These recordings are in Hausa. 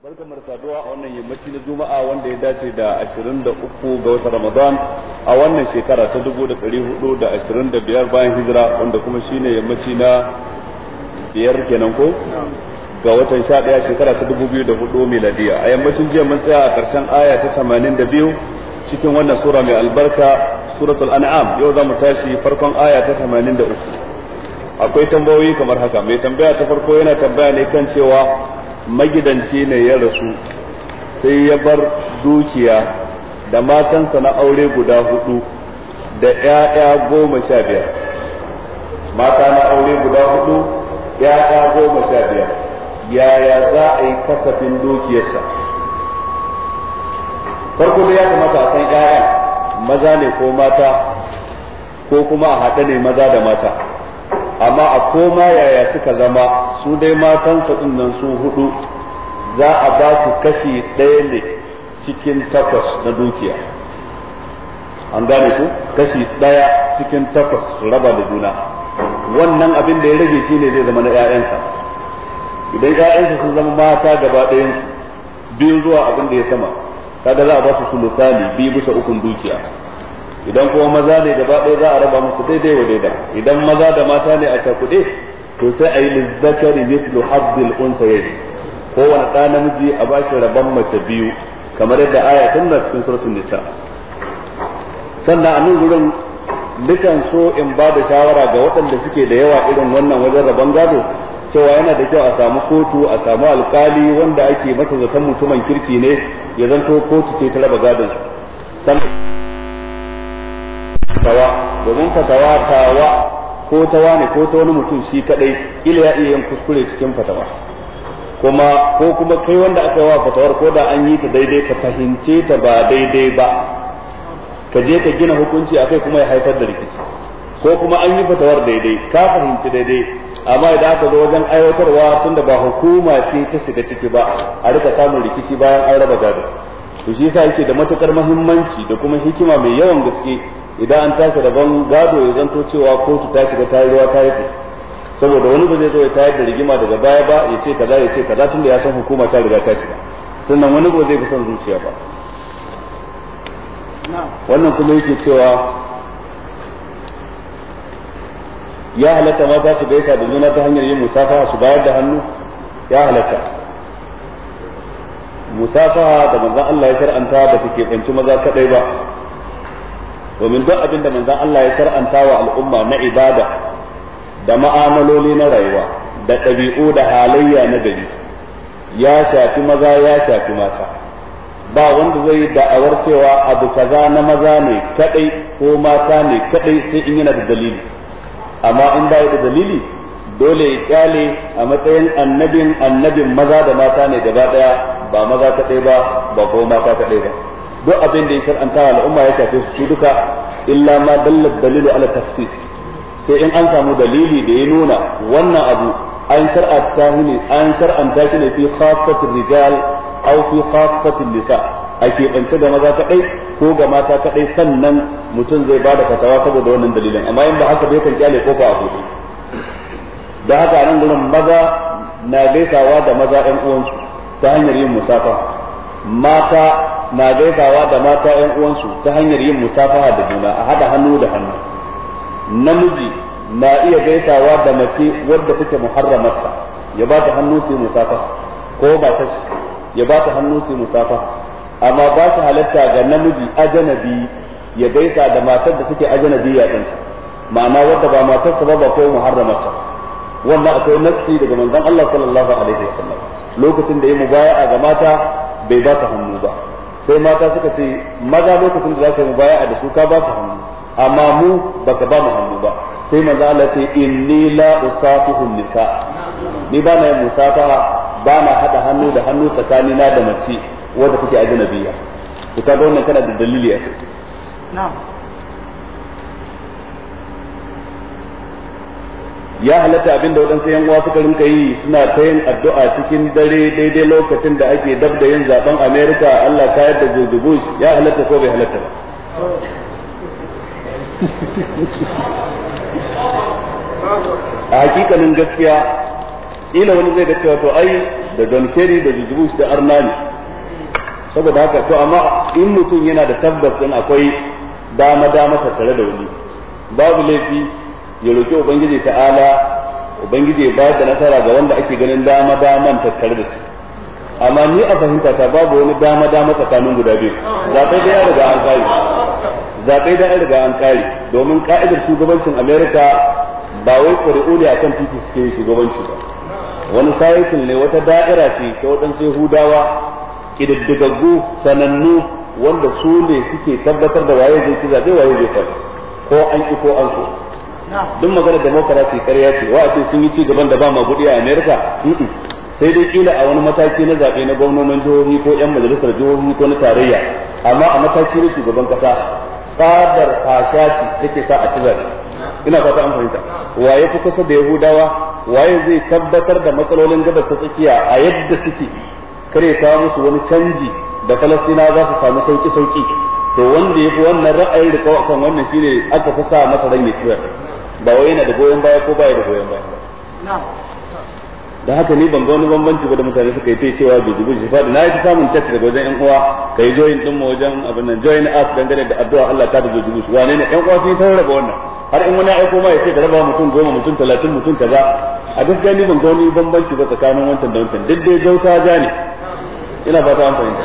barka mar saduwa a wannan yammaci na juma'a wanda ya dace da 23 ga watan ramadan a wannan shekara ta 1425 bayan hijira wanda kuma shine yammaci na biyar kenan ko ga watan 11 shekara ta 2004 miladiya a yammacin jiya mun tsaya a karshen aya ta 82 cikin wannan sura mai albarka suratul an'am yau za mu tashi farkon aya ta 83 akwai tambayoyi kamar haka mai tambaya ta farko yana tambaya ne kan cewa magidanci ne ya rasu sai ya bar dukiya da matansa na aure guda hudu da 'ya'ya goma sha biyar mata na aure guda hudu 'ya'ya goma sha biyar yaya za a yi kasafin dukiyarsa farko da ya kamata a san 'ya'ya maza ne ko mata ko kuma a haɗe ne maza da mata amma a koma yaya suka zama su dai matansa din nan su hudu za a ba su kashi ɗaya ne cikin takwas na dukiya an gane ku kashi ɗaya cikin takwas raba da juna wannan abin da ya rage shi ne zai zama na 'ya'yansa idan 'ya'yansa sun zama mata gaba ɗayansu biyu zuwa abin da ya sama kaga za a ba su sulusani biyu bisa ukun dukiya idan kuma maza ne gaba ɗaya za a raba musu daidai wa daida idan maza da mata ne a cakuɗe to sai a yi lizzakari mislu haddil unsayayn kowane ɗa namiji a ba shi rabon mace biyu kamar yadda aya tana cikin suratul nisa sannan a nan gurin dukan so in ba da shawara ga waɗanda suke da yawa irin wannan wajen rabon gado cewa yana da kyau a samu kotu a samu alkali wanda ake masa zaton mutumin kirki ne ya zanto kotu ce ta raba gadon sannan tawa domin fatawa tawa ko tawa ne ko ta wani mutum shi kadai ila ya iya yin kuskure cikin fatawa kuma ko kuma kai wanda aka wa fatawar ko da an yi ta daidai ka fahimce ta ba daidai ba ka je ka gina hukunci a kai kuma ya haifar da rikici ko kuma an yi fatawar daidai ka fahimci daidai amma idan aka zo wajen aiwatarwa tunda ba hukuma ce ta shiga ciki ba a rika samun rikici bayan an raba gado to shi yasa yake da matukar muhimmanci da kuma hikima mai yawan gaske idan an tashi daban gado ya zanto cewa kotu ta shiga ta ruwa ta yi saboda wani ba zai zo ya tayar da rigima daga baya ba ya ce kaza ya ce kaza tunda ya san hukuma ta riga ta shiga sannan wani ba zai fi son zuciya ba wannan kuma yake cewa ya halatta mata su gaisa da juna ta hanyar yin musafaha su bayar da hannu ya halatta musafaha da manzon Allah ya shar'anta ba ta kanci maza kadai ba domin duk abin da manzon Allah ya shar'anta wa al'umma na ibada da ma'amaloli na rayuwa da ɗabi'u da halayya na gari ya shafi maza ya shafi mata ba wanda zai da'awar cewa abu kaza na maza ne kadai ko mata ne kadai sai in yana da dalili amma in ba da dalili dole ya kyale a matsayin annabin annabin maza da mata ne gaba daya ba maza kadai ba ba ko mata kadai ba duk abin da ya shar'anta al'umma ya shafe su duka illa ma dallat dalilu ala tafsir sai in an samu dalili da ya nuna wannan abu an shar'anta ne an shar'anta shi ne fi khassatir rijal aw fi khassatil nisa a keɓance da maza kaɗai ko ga mata kaɗai sannan mutum zai ba da fatawa saboda wannan dalilin amma in ba haka bai kan kyale kofa a buɗe da haka nan gurin maza na gaisawa da maza ɗan uwansu ta hanyar yin musafa mata na gaisawa da mata ƴan uwansu ta hanyar yin musafaha da juna a haɗa hannu da hannu namiji na iya gaisawa da mace wadda take muharramarsa ya ba ta hannu su musafaha ko ba ta ya ba ta hannu su musafaha amma ba su halatta ga namiji ajanabi ya gaisa da matar da take ajanabi ya dinsa ma'ana wadda ba matarsa ba ba ko muharramarsa wannan akwai nafsi daga manzon Allah sallallahu alaihi wasallam lokacin da ya mubaya'a ga mata bai ba ta hannu ba sai mata suka ce maza lokacin da za ka yi a da su ka ba su hannu amma mu baka ba mu hannu ba sai manzo Allah ce inni la nisa ni ba na yin musafaha ba na hada hannu da hannu na da mace wadda kake ajnabiya to kaga wannan kana da dalili a kai na'am ya halatta abin da waɗansu yan uwa suka rinka yi suna ta yin addu'a cikin dare daidai lokacin da ake dab da yin zaben America Allah ka yadda George Bush ya halatta ko bai halatta ba a hakikanin gaskiya ila wani zai da cewa to ai da John Kerry da George Bush da Arnani saboda haka to amma in mutum yana da tabbas din akwai dama dama tattare da wani babu laifi ya roƙi ubangiji ta'ala ubangiji ya bayar da nasara ga wanda ake ganin dama daman tattare da su amma ni a fahimta ta babu wani dama dama tsakanin guda biyu zaɓe da ya riga an kare zaɓe da ya riga an kare domin ka'idar shugabancin america ba wai ƙuri'u ne kan titi suke yin shugabanci ba wani sayakin ne wata da'ira ce ta waɗansu yahudawa ƙididdigaggu sanannu wanda su ne suke tabbatar da waye zai ci zaɓe waye zai ko an ƙi ko an so duk maganar demokarasi karya ce wa ce sun yi ci gaban da ba ma gudi a america sai dai kila a wani mataki na zaɓe na gwamnonin jihohi ko 'yan majalisar jihohi ko na tarayya amma a mataki na shugaban kasa tsadar fasha ce take sa a ci zaɓe ina fata an fahimta waye fi kusa da yahudawa waye zai tabbatar da matsalolin gabar ta tsakiya a yadda suke kare ta musu wani canji da falastina za su samu sauki sauki to wanda ya fi wannan ra'ayin da kawo kan wannan shine aka fi sa masa ran ya ba wai yana da goyon baya ko baya da goyon baya ba da haka ni ban ga wani bambanci ba da mutane suka yi ta cewa bai jibu shi faɗi na yi ta samun tas daga wajen yan uwa ka yi join din mu wajen abin nan join us dangane da addu'a Allah ta da jibu shi wane ne yan uwa sun ta ga wannan har in wani aiko ma ya ce ka raba mutum goma mutum talatin mutum kaza a gaskiya ni ban ga wani bambanci ba tsakanin wancan da wancan duk dai gauta ja ne ina fata an fahimta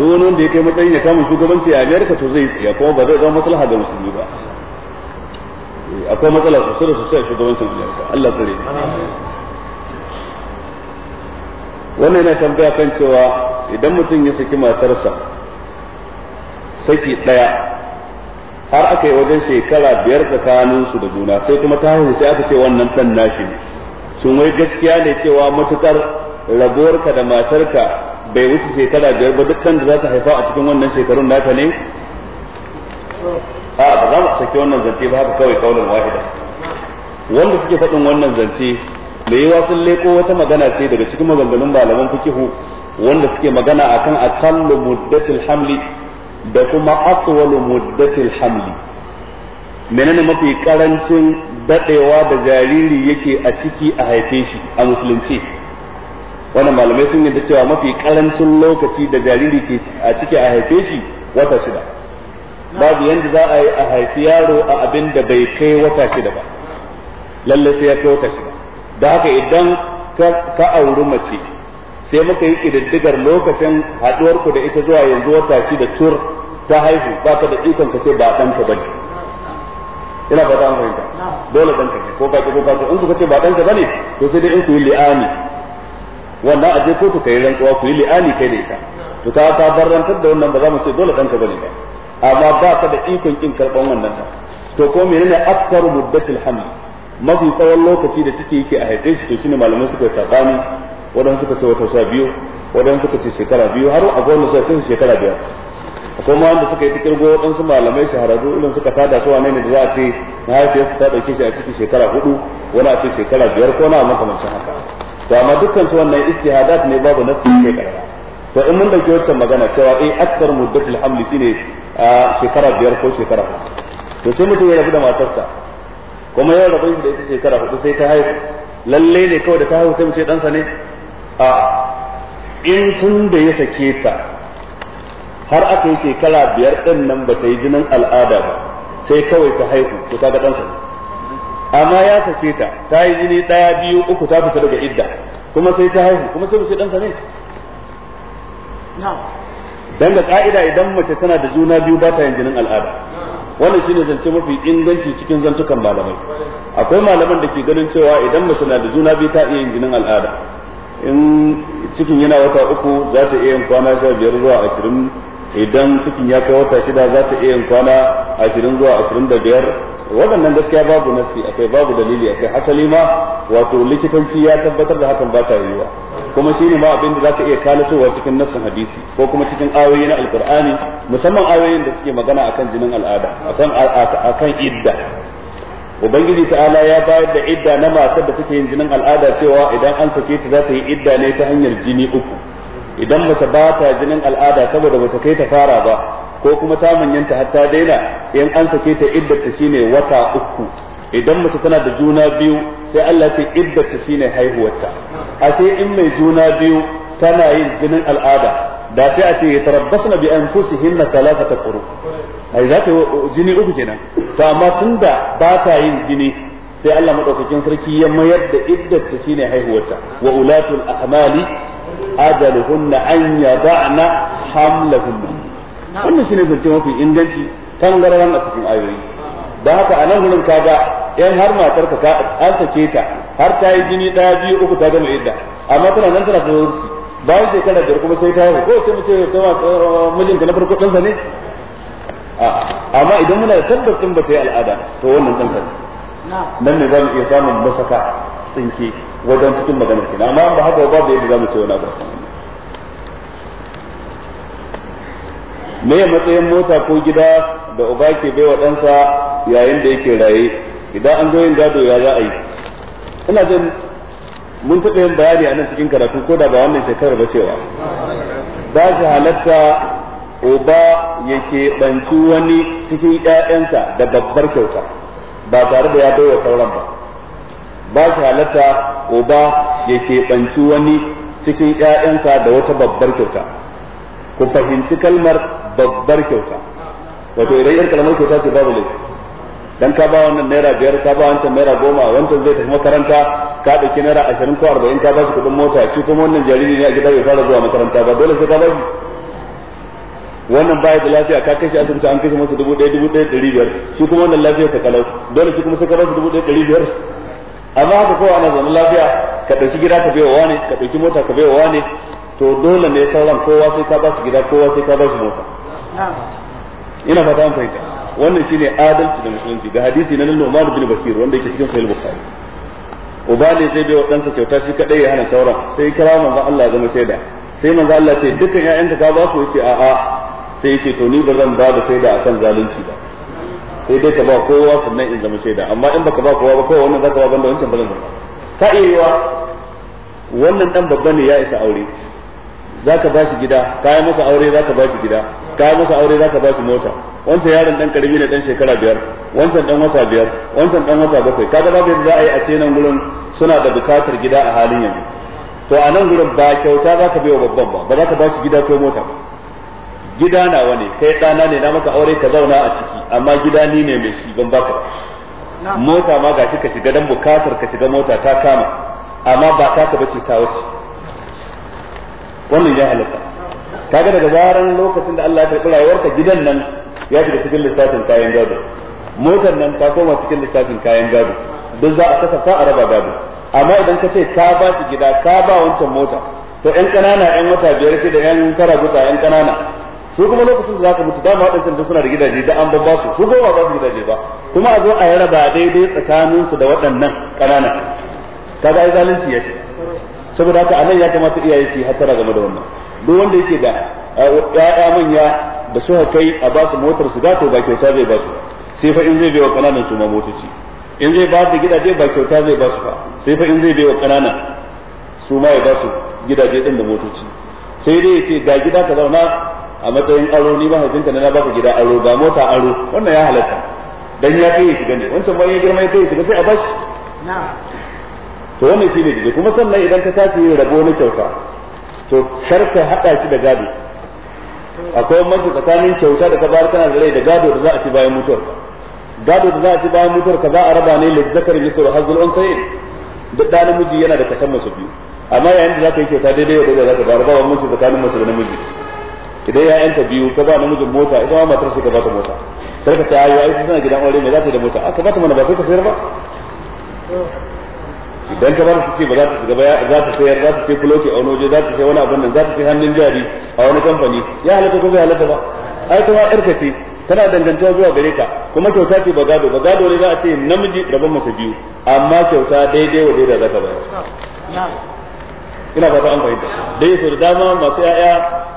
duk wani wanda ya kai matsayin ya kama shugabanci a Amerika to zai tsiya kuma ba zai zama maslaha ga musulmi ba akwai matsala su da sosai a shugabancin Amurka Allah tsare wannan yana tambaya kan cewa idan mutum ya saki matarsa saki daya har aka yi wajen shekara biyar tsakaninsu da juna sai kuma ta haihu sai aka ce wannan dan nashi ne sun wai gaskiya ne cewa matukar rabuwarka da matarka bai wuce shekara biyar ba duk da za ta haifa a cikin wannan shekarun naka ne a ba za mu saki wannan zance ba haka kawai kaulan wahida wanda suke faɗin wannan zance da yawa sun leko wata magana ce daga cikin maganganun malaman fikihu wanda suke magana akan aqallu muddatil hamli da kuma atwalu muddatil hamli menene mafi karancin dadewa da jariri yake a ciki a haife shi a musulunci wannan malamai sun yi da cewa mafi karancin lokaci da jariri ke a ciki a haife shi wata shida babu yanda za a yi a haifi yaro a abin da bai kai wata shida ba lalle sai ya kai wata shida da haka idan ka auri mace sai muka yi kididdigar lokacin haɗuwar ku da ita zuwa yanzu wata shida tur ta haihu ba ka da ikon ka ce ba ɗanka ka bane ina ba an fahimta dole ɗanka ka ko ka ko ka in ku ce ba ɗanka ka bane to sai dai in ku yi li'ani wannan aje kotu ka yi rantsuwa ku yi li'ani kai da ita to ta ta barantar da wannan ba za mu ce dole ɗanka ka bane ba amma ba ka da ikon kin karban wannan ta to ko menene akthar muddatil haml mafi tsawon lokaci da ciki yake a haife shi to shine malamai suka sabani wadan suka ce wata sha biyu wadan suka ce shekara biyu har a gwamnati sai kai shekara biyar akwai ma wanda suka yi go wadan su malamai shahararru irin suka tada su wane ne da za a ce su ta dauke shi a cikin shekara hudu wani a ce shekara biyar ko na makamancin haka to amma dukkan su wannan istihadat ne babu nasu kai karara to in mun dauki wannan magana cewa eh akthar muddatil hamli shine a shekara biyar ko shekara hudu to sai mutum ya rabu da matarsa kuma ya rabu da ita shekara hudu sai ta haihu lalle ne kawai da ta haihu sai mu ce ɗansa ne a in tun da ya sake ta har aka yi shekara biyar ɗin nan ba ta yi jinin al'ada ba sai kawai ta haihu to ga ɗansa ne amma ya sake ta ta yi jini ɗaya biyu uku ta fita daga idda kuma sai ta haihu kuma sai mu ce ɗansa ne dan da ka'ida idan mace tana da juna biyu ba ta yin jinin al'ada wannan shine zance mafi inganci cikin zantukan malamai akwai malaman da ke ganin cewa idan mace na da juna biyu ta iya yin jinin al'ada in cikin yana wata uku za ta iya yin kwana sha biyar zuwa ashirin idan cikin ya kai wata shida za ta iya yin kwana ashirin zuwa ashirin da biyar waɗannan gaskiya babu nasi akai babu dalili akai hasali ma wato likitanci ya tabbatar da hakan ba ta yiwuwa kuma shine ma abin da zaka iya kalatowa cikin nassin hadisi ko kuma cikin ayoyi na alqur'ani musamman ayoyin da suke magana akan jinin al'ada akan akan idda ubangiji ta'ala ya bayar da idda na matar da take yin jinin al'ada cewa idan an sake ta za ta yi idda ne ta hanyar jini uku idan mace ba ta jinin al'ada saboda bata kai ta fara ba ko kuma ta manyanta har ta daina in an sake ta idda ta shine wata uku idan mace tana da juna biyu sai Allah ce iddata shine haihuwarta a sai in mai juna biyu tana yin jinin al'ada da sai a ce ya tarabbasna bi anfusihinna ta quru ai za ta uh, jini uku kenan to amma tunda ba ta yin jini sai Allah madaukakin sarki ya mayar da iddata shine haihuwarta wa ulatul ahmali ajaluhunna an yada'na hamlahunna wannan shine zance mafi inganci kan gararan a cikin ayoyi da haka a nan gurin kaga yan har matar ka ka an sake ta har ta yi jini daya biyu uku ta gama idda amma tana nan tana da wursi bayan shekara biyar kuma sai ta yi ko sai mu ce mijinta na farko ɗansa ne amma idan muna da tabbas ba ta yi al'ada to wannan ɗan ka nan ne za mu iya samun masaka tsinke wajen cikin maganar kina amma ba haka ba da yadda za mu ce wani abu me matsayin mota ko gida da uba ke baiwa ɗansa yayin da yake raye idan an zo yin gado ya za a yi ina jin mun taɓa yin bayani a nan cikin karatu ko da ba wannan shekarar ba cewa ba shi halatta uba ya ɓanci wani cikin ‘ya'yansa da babbar kyauta ba tare da ya baiwa sauran ba ba shi halatta uba ya ɓanci wani cikin ‘ya'yansa da wata babbar kyauta ku fahimci kalmar babbar kyauta wato idan yar kalmar kyauta ce babu laifi dan ka ba wannan naira biyar ka ba wancan naira goma wancan zai tafi makaranta ka ɗauki naira ashirin ko arba'in ka ba shi kuɗin mota shi kuma wannan jariri ne a gida bai fara zuwa makaranta ba dole sai ka ba shi wannan baya da lafiya ka kashe asibiti an kashe masa dubu ɗaya dubu ɗaya ɗari biyar shi kuma wannan lafiya ta kalau dole shi kuma sai ka ba shi dubu ɗaya ɗari biyar amma haka kowa ana zaune lafiya ka ɗauki gida ka baiwa wane ka ɗauki mota ka baiwa wane to dole ne sauran kowa sai ka ba shi gida kowa sai ka ba shi mota ina fata an fahimta wannan shine adalci da musulunci ga hadisi na nan Umar bin Basir wanda yake cikin Sahih Bukhari uba ne zai bai ɗansa kyauta shi kadai ya hana tauran. sai kira manzo Allah ya zama shaida sai manzo Allah ce dukkan ƴaƴanka ka ba su yace a'a sai yace to ni ba zan ba da shaida akan zalunci ba sai dai ka ba kowa sannan in zama shaida amma in baka ba kowa ba kowa wannan zaka ba banda wancan ba zan ba ta iya wannan dan babba ne ya isa aure zaka shi gida ka yi masa aure zaka shi gida ka yi masa aure zaka shi mota wancan yaron dan karami ne dan shekara biyar wancan dan wata biyar wancan dan wata bakwai kaga babu za a yi a ce nan gurin suna da bukatar gida a halin yanzu to a nan gurin ba kyauta zaka ka babban ba ba zaka shi gida ko mota gida na wani kai ɗana ne na maka aure ka zauna a ciki amma gida ni ne mai shi ban baka mota ma gashi ka shiga dan bukatar ka shiga mota ta kama amma ba taka bace ta wuce wannan ya halatta kaga daga zaran lokacin da Allah ya karɓi rayuwarka gidan nan ya shiga cikin lissafin kayan gado motar nan ta koma cikin lissafin kayan gado duk za a kasafta a raba gado amma idan ka ce ka ba shi gida ka ba wancan mota to yan kanana yan wata biyar shi da yan kara gutsa yan kanana su kuma lokacin da zaka mutu dama waɗancan duk suna da gidaje da an babba su su goma ba su gidaje ba kuma a zo a yi raba daidai tsakaninsu da waɗannan kanana kaga ai zalunci ya ce saboda haka anan ya kamata iyaye su hasara game da wannan duk wanda yake da ƴaƴa manya da suka kai a ba su motar su gato ba kyauta zai ba su sai fa in zai bai wa kananan su ma motoci in zai ba da gidaje ba kyauta zai ba su ba sai fa in zai bai wa kananan su ma ya ba su gidaje din da motoci sai dai sai ga gida ka zauna a matsayin aro ni mahaifinka na baka gida aro ga mota aro wannan ya halatta dan ya kai shi gane wancan bayan girma ya kai shiga sai a bashi na'am to wannan shine dai kuma sannan idan ka tashi yin rabo na kyauta to kar ka hada shi da gado akwai mantu tsakanin kyauta da ka bayar kana da rai da gado da za a ci bayan mutuwar gado da za a ci bayan mutuwar ka za a raba ne lizzakar misal hazul unsayin da ɗan namiji yana da kashan masu biyu amma yayin da za ka yi kyauta daidai da za ka bayar ba wa mutu tsakanin masu da namiji idan ya'yanta biyu ka ba namijin mota ita ma matar sai ka ba ta mota sai ka ta ayo ai tana gidan aure ne za ta yi da mota aka ba ta mana ba sai ka sayar ba idan ka ba su ce ba za ta shiga ba za ta sayar za ta sai kuloti a wani waje za ta sai wani abin nan za ta sai hannun jari a wani kamfani ya halatta ko bai halatta ba ai ta ma yarka ce tana dangantawa zuwa gare ka kuma kyauta ce ba gado ba gado ne za a ce namiji rabon masa biyu amma kyauta daidai wa daidai za ka bayar ina fata an fahimta dai su da dama masu ya'ya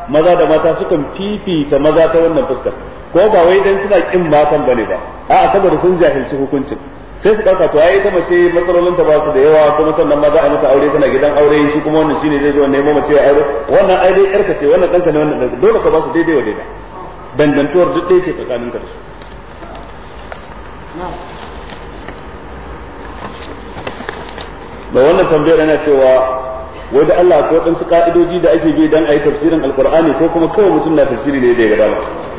maza da mata sukan fifita maza ta wannan fuskar ko ba wai dan suna kin matan bane ba a'a saboda sun jahilci hukuncin sai su ɗauka to yi ta mace matsalolin ta ba su da yawa kuma sannan ma za a mata aure tana gidan aure shi kuma wannan shine zai zo nemo mace ya aure wannan ai dai yarka ce wannan ɗanka ne wannan ɗanka dole ka ba su daidai wa daidai dangantuwar duk ɗaya ce tsakanin ka da su da wannan tambayar yana cewa wai da Allah ko ɗansu ka'idoji da ake bi dan a yi tafsirin alkur'ani ko kuma kawai mutum na tafsiri ne da ya gada ba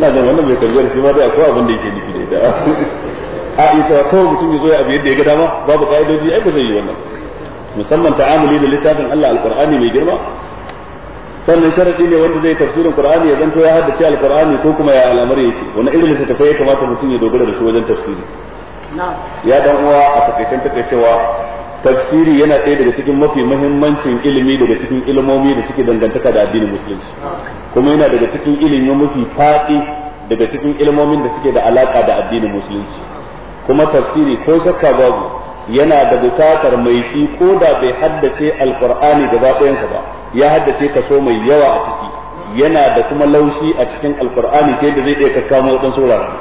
ina jin wannan mai kalli shi ma dai akwai abin da yake nufi da ita a ita kawai mutum ya zo ya abu yadda ya ga dama babu ka'idoji ai ba zai yi wannan musamman ta'amuli da littafin Allah alqur'ani mai girma sannan sharadi ne wanda zai tafsirin qur'ani ya zanto ya haddace alqur'ani ko kuma ya al'amari yake wani irin littattafai ya kamata mutum ya dogara da su wajen tafsiri ya dan uwa a takaicen takaicewa tafsiri yana ɗaya daga cikin mafi muhimmancin ilimi daga cikin ilmomi da suke dangantaka da addinin musulunci kuma yana daga cikin ilimi mafi faɗi daga cikin ilmomin da suke da alaka da addinin musulunci kuma tafsiri ko shakka babu yana da bukatar mai shi ko da bai haddace alƙur'ani gaba ɗayansa ba ya haddace kaso mai yawa a ciki yana da kuma laushi a cikin alƙur'ani ta yadda zai iya kakkamo waɗansu sauraron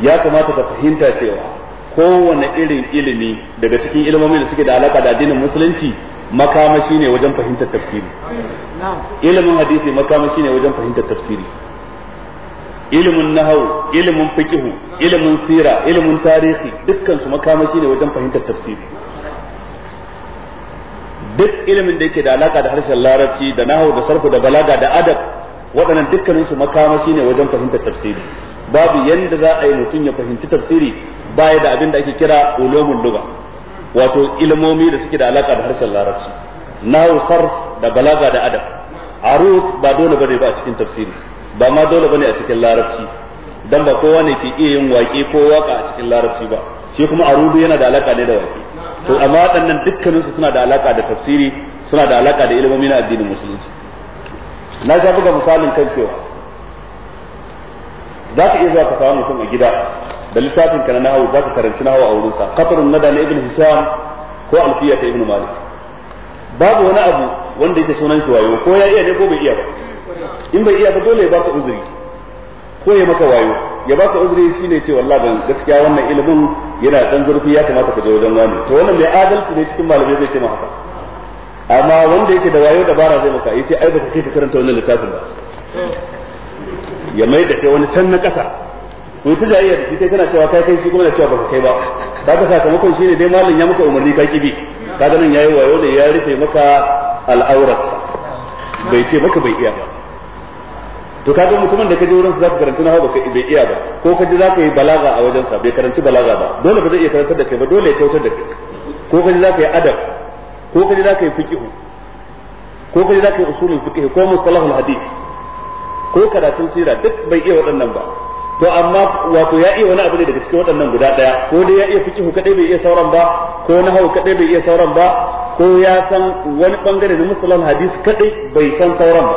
ya kamata ka fahimta cewa kowane irin ilimi daga cikin ilimomin da suke da alaka da addinin musulunci makamashi ne wajen fahimtar tafsiri ilimin hadisi makamashi ne wajen fahimtar tafsiri ilimin nahawu ilimin fikihu ilimin sira ilimin tarihi dukkan su makamashi ne wajen fahimtar tafsiri duk ilimin da yake da alaka da harshen larabci da nahawu da sarfu da balaga da adab waɗannan dukkanin su makamashi ne wajen fahimtar tafsiri babu yanda za a yi mutum ya fahimci tafsiri baya da abin da ake kira ulumul lugha wato ilmomi da suke da alaka da harshen larabci nahwu sarf da balaga da adab aruf ba dole bane ba a cikin tafsiri ba ma dole bane a cikin larabci dan ba kowa ne ke iya yin waƙe ko waka a cikin larabci ba shi kuma arudu yana da alaka ne da waƙe to amma waɗannan dukkaninsu suna da alaka da tafsiri suna da alaka da ilmomi na addinin musulunci na sha buga misalin kan cewa za ka iya zuwa ka samu mutum a gida da littafin kana na nahawu za ka karanci nahawu a wurinsa qatarun nada na ibn hisam ko alfiya ta ibn malik babu wani abu wanda yake sunan shi wayo ko ya iya ne ko bai iya ba in bai iya ba dole ya baka uzuri ko ya maka wayo ya baka uzuri shine ce wallahi ban gaskiya wannan ilimin yana dan zurfi ya kamata ka je wajen wani to wannan mai adalci ne cikin malamai zai ce ma haka amma wanda yake da wayo dabara zai maka yace ai baka kai ka karanta wannan littafin ba ya mai da kai wani can na kasa ku ta da shi kai kana cewa kai kai shi kuma da cewa baka kai ba ba ka sakamakon shi ne dai malam ya muka umarni ka kibi ka ga nan yayi wayo ne ya rufe maka al'aurat bai ce maka bai iya to ga mutumin da ka je wurin su zaka karanta na baka bai iya ba ko ka ji zaka yi balaga a wajen sa bai karanci balaga ba dole ba zai iya karantar da kai ba dole ya kyautar da kai ko ka ji zaka yi adab ko ka ji zaka yi fiqh ko ka ji zaka yi usulul fiqh ko mustalahul hadith ko karatun sira duk bai iya waɗannan ba to amma wato ya iya wani abu ne daga cikin waɗannan guda ɗaya ko dai ya iya fikihu kadai bai iya sauran ba ko na hau kadai bai iya sauran ba ko ya san wani bangare na musulman hadis kadai bai san sauran ba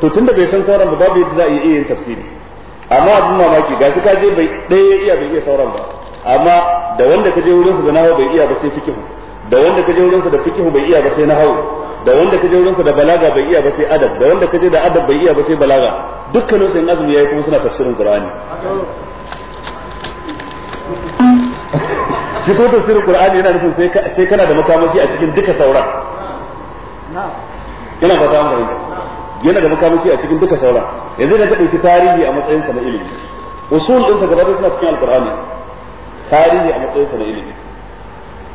to tunda bai san sauran ba babu yadda za a iya yin tafsiri amma abin mamaki gashi ka je bai ɗaya ya iya bai iya sauran ba amma da wanda ka je wurin su da hau bai iya ba sai fikihu da wanda ka je wurin su da fikihu bai iya ba sai na hau. da wanda kaje wurin da balaga bai iya ba sai adab da wanda kaje da adab bai iya ba sai balaga dukkanin su in azumi yayi kuma suna tafsirin qur'ani shi ko tafsirin qur'ani yana nufin sai sai kana da makamashi a cikin duka sauran Yana ba ta mu yana da makamashi a cikin duka sauran yanzu da ka dauki tarihi a matsayin sa na ilimi usul din sa gaba suna cikin alqur'ani tarihi a matsayin sa na ilimi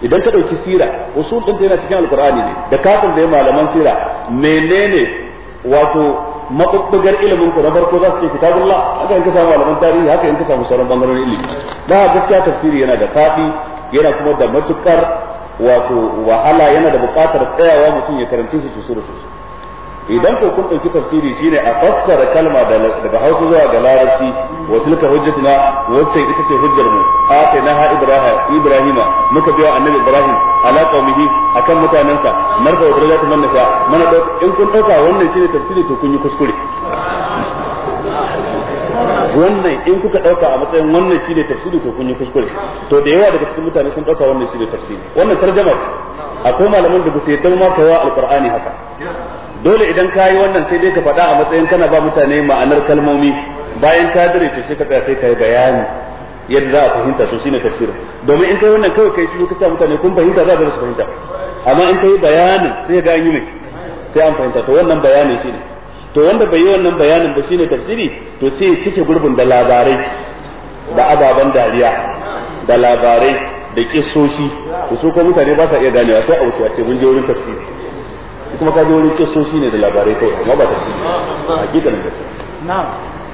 idan ka ɗauki sira usul ɗin yana cikin alkur'ani ne da kafin da malaman sira menene wato mabubbugar ilimin ku na farko za su ce kitabullah haka in ka samu malaman tarihi haka in ka samu sauran bangarorin ilimi da gaskiya tafsiri yana da faɗi yana kuma da matukar wato wahala yana da bukatar tsayawa mutum ya karanci su sosai da sosai idan ko kun dauki tafsiri shine a fassara kalma daga hausa zuwa ga larabci wa tilka hujjatuna wacce ita ce hujjar mu na ha ibrahim ibrahima muka biya annabi ibrahim ala qaumihi akan mutanansa narfa wa darajatu man nasha mana da in kun dauka wannan shine tafsiri to kun yi kuskure wannan in kuka dauka a matsayin wannan shine tafsiri to kun yi kuskure to da yawa daga cikin mutane sun dauka wannan shine tafsiri wannan tarjama akwai malaman da ba su yi ma kawai alqur'ani haka dole idan ka yi wannan sai dai ka faɗa a matsayin kana ba mutane ma'anar kalmomi bayan ka dare ta sai ka tsaya sai ka yi bayani yadda za a fahimta su shine tafsirin domin in kai wannan kawai kai shi ka sa mutane kun fahimta za su fahimta amma in kai bayanin sai ga an yi mai sai an fahimta to wannan bayanin shine to wanda bai yi wannan bayanin ba shine tafsiri to sai cike gurbin da labarai da ababen dariya da labarai da kissoshi to su ko mutane ba sa iya ganewa sai a wuce a ce mun je wurin tafsiri kuma ka zo wurin kisoshi ne da labarai kawai amma ba tafsiri hakikan gaskiya na'am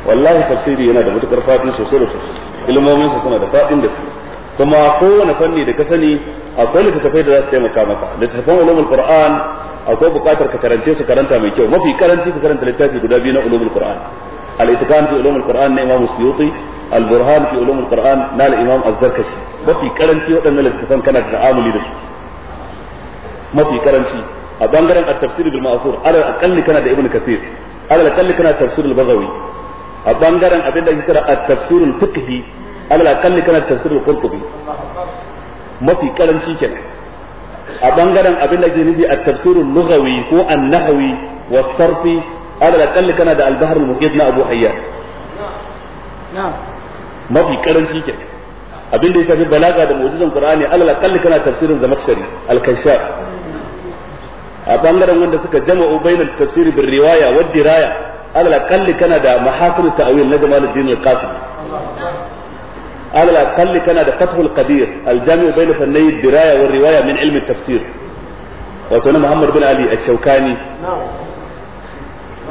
wallahi tafsiri yana da matukar fadin sosai da sosai ilmomin sa suna da fadin da kuma kowane fanni da ka sani akwai littattafai da za su taimaka maka littattafan ulumul qur'an akwai buƙatar ka karance su karanta mai kyau mafi karanci ka karanta littafi guda biyu na ulumul qur'an al-itqan fi ulumul qur'an na imam suyuti al-burhan fi ulumul qur'an na al-imam az-zarkashi mafi karanci waɗannan littattafan kana da ta'amuli da su mafi karanci a bangaren at-tafsir bil ma'thur alal aqalli kana da ibn kathir alal aqalli kana tafsir al-baghawi a bangaren abin da kira at-tafsir al-fiqhi alal aqalli kana tafsir al-qurtubi mafi karanci kenan a bangaren abin da ke nufi at-tafsir al-lughawi ko an-nahwi was-sarfi alal aqalli kana da al-bahr al-muhit na abu hayyan na'am mafi karanci kenan abin da ya shafi balaga da mu'jizan qur'ani alal aqalli kana tafsirin zamakhshari al-kashaf a bangaren wanda suka jama'u bainal tafsiri bir riwaya wa diraya alal aqalli kana da mahasin ta'wil na Jamaluddin al-Qasim alal aqalli kana da Fathul Qadir al-jami'u bain fannay diraya wa riwaya min ilmi tafsir wato na Muhammad bin Ali al-Shawkani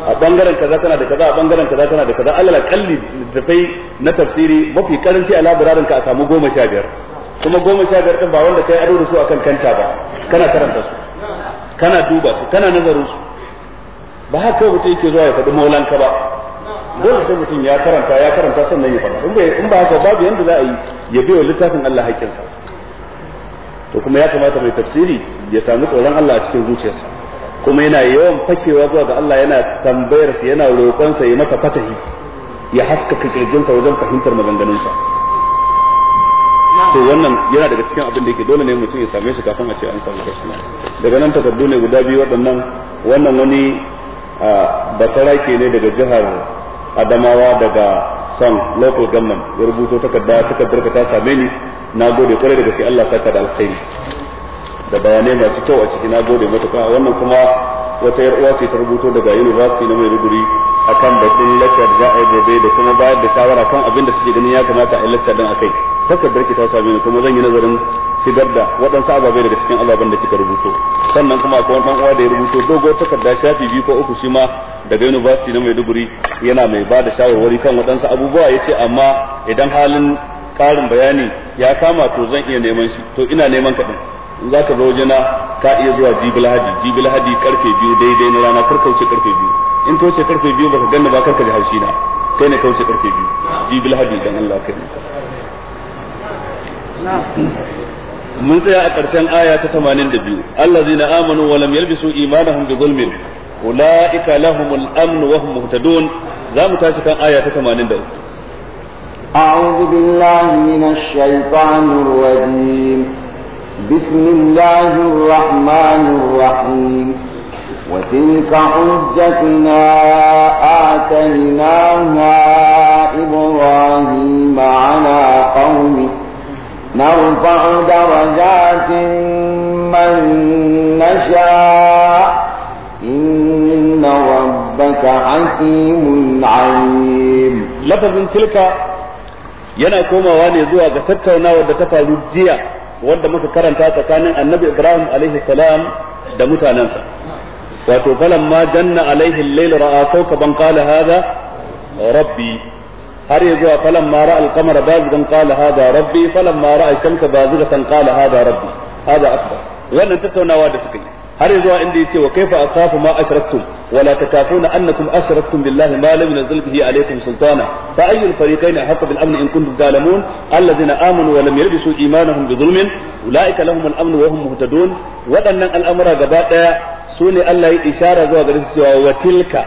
a bangaren kaza kana da kaza a bangaren kaza kana da kaza alal aqalli da sai na tafsiri mafi karanci a labirarin ka a samu goma sha biyar kuma goma sha biyar din ba wanda kai ado su akan kanta ba kana karanta su kana duba su kana nazarin su ba haka kawai mutum yake zuwa ya faɗi maulanka ba dole sai mutum ya karanta ya karanta sannan ya faɗi in ba ba haka babu yadda za a yi ya biyo littafin Allah haƙƙinsa to kuma ya kamata mai tafsiri ya sami tsoron Allah a cikin zuciyarsa kuma yana yawan fakewa zuwa ga Allah yana tambayar sa yana roƙon sa ya masa fatahi ya haskaka kirjinsa wajen fahimtar maganganunsa to wannan yana daga cikin abin da yake dole ne mutum ya same shi kafin a ce an samu gaskiya daga nan takardu ne guda biyu waɗannan wannan wani basarake ne daga jihar adamawa daga son local government ya rubuto takarda takardar ka ta same ni na gode kwarai da gaske Allah saka da alkhairi da bayanai masu kyau a ciki na gode matuƙa wannan kuma wata yar uwa ce ta rubuto daga university na Maiduguri akan batun lecture da za a yi gobe da kuma bayar da shawara kan abin da suke ganin ya kamata a yi lecture din akai takardar ki ta same ni kuma zan yi nazarin shigar da waɗansu ababai daga cikin ababen da kika rubuto sannan kuma akwai wani uwa da ya rubuto dogo takarda shafi biyu ko uku shi ma daga university na Maiduguri yana mai ba da shawarwari kan waɗansu abubuwa ya ce amma idan halin ƙarin bayani ya kama to zan iya neman shi to ina neman ka ɗin in za ka zo wajena ka iya zuwa jibil hadi jibil hadi karfe biyu daidai na rana kar kauce karfe biyu in kauce karfe biyu baka ganna ba karka ji haushi na kai ne kauce karfe biyu jibil hadi dan Allah kai na'am mun tsaya a ƙarshen aya ta 82 allazina amanu wa lam yalbisu imanahum bi zulmin ulaika lahumul amn wa hum muhtadun za mu tashi kan aya ta 83 أعوذ بالله من الشيطان الرجيم بسم الله الرحمن الرحيم وتلك حجتنا آتيناها إبراهيم على قومه نرفع درجات من نشاء إن ربك حكيم عليم لفظ تلك yana komawa ne zuwa ga tattaunawar da ta faru jiya wanda muka karanta tsakanin annabi ibrahim alaihi salam da mutanensa wato falamma janna alaihi al-layl ra'a kawkaban qala hadha rabbi har ya zuwa falan mara alkamar bazigan qala hada rabbi falan mara a ba ashamsa bazigatan qala hada rabbi hada akbar wannan tattaunawa da suka yi har ya zuwa inda yace wa kaifa asafu ma ashraktum wala takafuna annakum ashraktum billahi ma lam yunzil bihi alaykum sultana fa ayyul fariqayn ahqqu bil amn in kuntum ta'lamun alladhina amanu wa lam yalbisu imanahum bi zulmin ulaika lahum al-amn wa hum muhtadun wadannan al'amura gaba daya sune Allah ya isharar zuwa gare su cewa wa tilka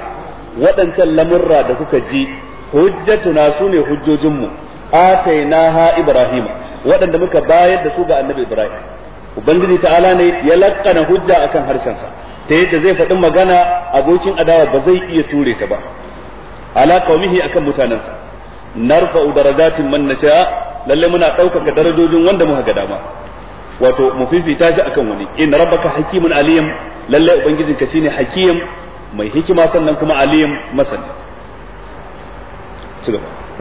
wadancan lamurra da kuka ji Hujjatu na sune hujjojinmu atainaha Ibrahim waɗanda muka bayar da su ga annabi ibrahim ubangiji ta'ala ne ya lakkana hujja akan harshensa ta yadda zai faɗi magana abokin adawa ba zai iya ture ta ba ala qaumihi akan mutanansa narfa'u darajatin man nasha lalle muna ɗaukaka darajojin wanda muka ga dama wato mu fifita shi akan wani in rabbaka hakimun aliyam lalle ubangijinka shine hakim mai hikima sannan kuma aliyam masani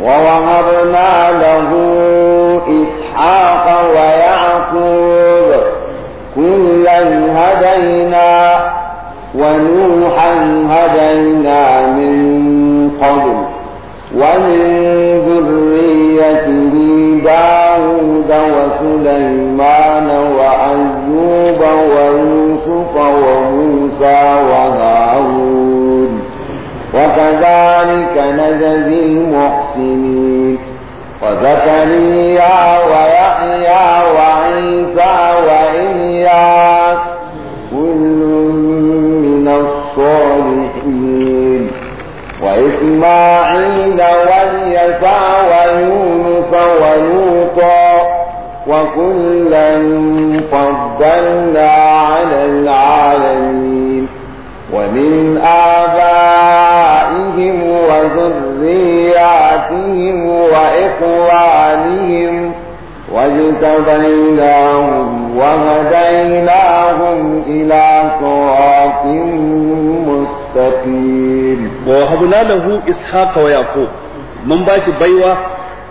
ووهبنا له إسحاق ويعقوب كلا هدينا ونوحا هدينا من قبل ومن ذريته داود وسليمان وأيوب ويوسف وموسى وهارون وكذلك نجزي المحسنين وزكريا ويحيى وعيسى وإياس كل من الصالحين وإسماعيل واليسع ويونس ولوطا وكلا فضلنا على العالمين ومن آبائهم وذرياتهم وإخوانهم واجتبيناهم وهديناهم إلى صراط مستقيم ووهبنا له إسحاق ويعقوب من باش بيوة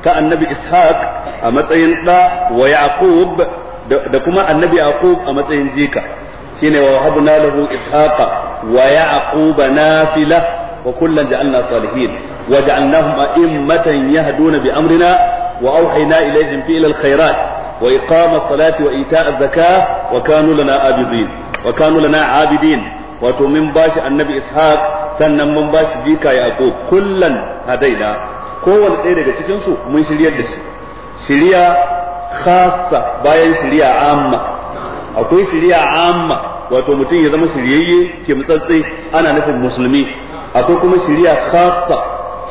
كأنبي إسحاق أمتين لا ويعقوب da kuma annabi yaqub a matsayin jika shine wa habna lahu ishaqa wa yaquba nafila وكلا جعلنا صالحين وجعلناهم أئمة يهدون بأمرنا وأوحينا إليهم فعل الخيرات وإقام الصلاة وإيتاء الزكاة وكانوا لنا عابدين وكانوا لنا عابدين wato min bashi annabi ishaq sannan mun bashi jika yaqub kullan hadaina kowanne ɗaya daga cikin su mun shiryar da shi shiriya khassa bayan shiriya amma akwai shiriya amma wato mutum ya zama shiryayye ke mutsatsi ana nufin musulmi akwai kuma shari'a khassa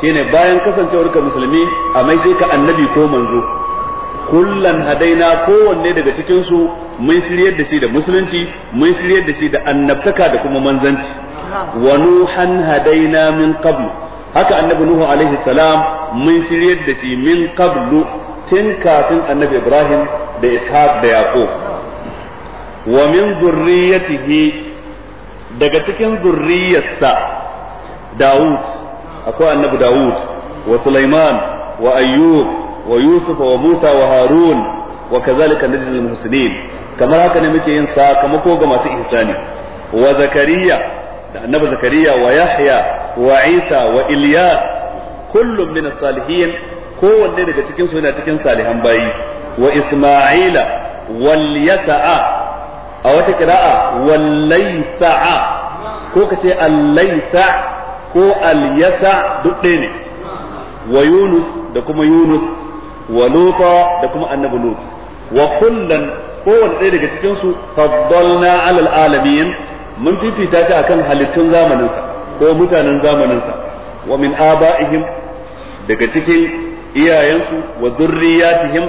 shine bayan kasancewar ka musulmi a mai sai ka annabi ko manzo kullan hadaina kowanne daga cikin su mun shiryar da shi da musulunci mun shiryar da shi da annabtaka da kuma manzanci wa nuhan hadaina min qablu haka annabi nuhu alaihi salam mun shiryar da shi min qablu tun kafin annabi ibrahim da ishaq da yaqub wa min zurriyatihi daga cikin zurriyarsa Dawud akwai annabi Dawud wa Sulaiman wa Ayyub wa Yusuf wa Musa wa Harun wa kazalika najzil muhsinin kamar haka ne muke yin sakamako ga masu ihsani wa Zakariya da annabi Zakariya wa Yahya wa Isa wa Ilyas kullum min as-salihin kowanne daga cikin su cikin salihan bayi wa Isma'ila wal yata'a a wata kira'a wal laysa'a ko kace al ko al-yasa duk ɗaya ne wa yunus da kuma yunus wa lufa da kuma annabi lut wa kullan kowanne ɗaya daga cikin su faddalna alal alamin mun fifita shi akan halittun sa ko mutanen zamaninsa wa min aba'ihim daga cikin iyayensu wa zurriyatihim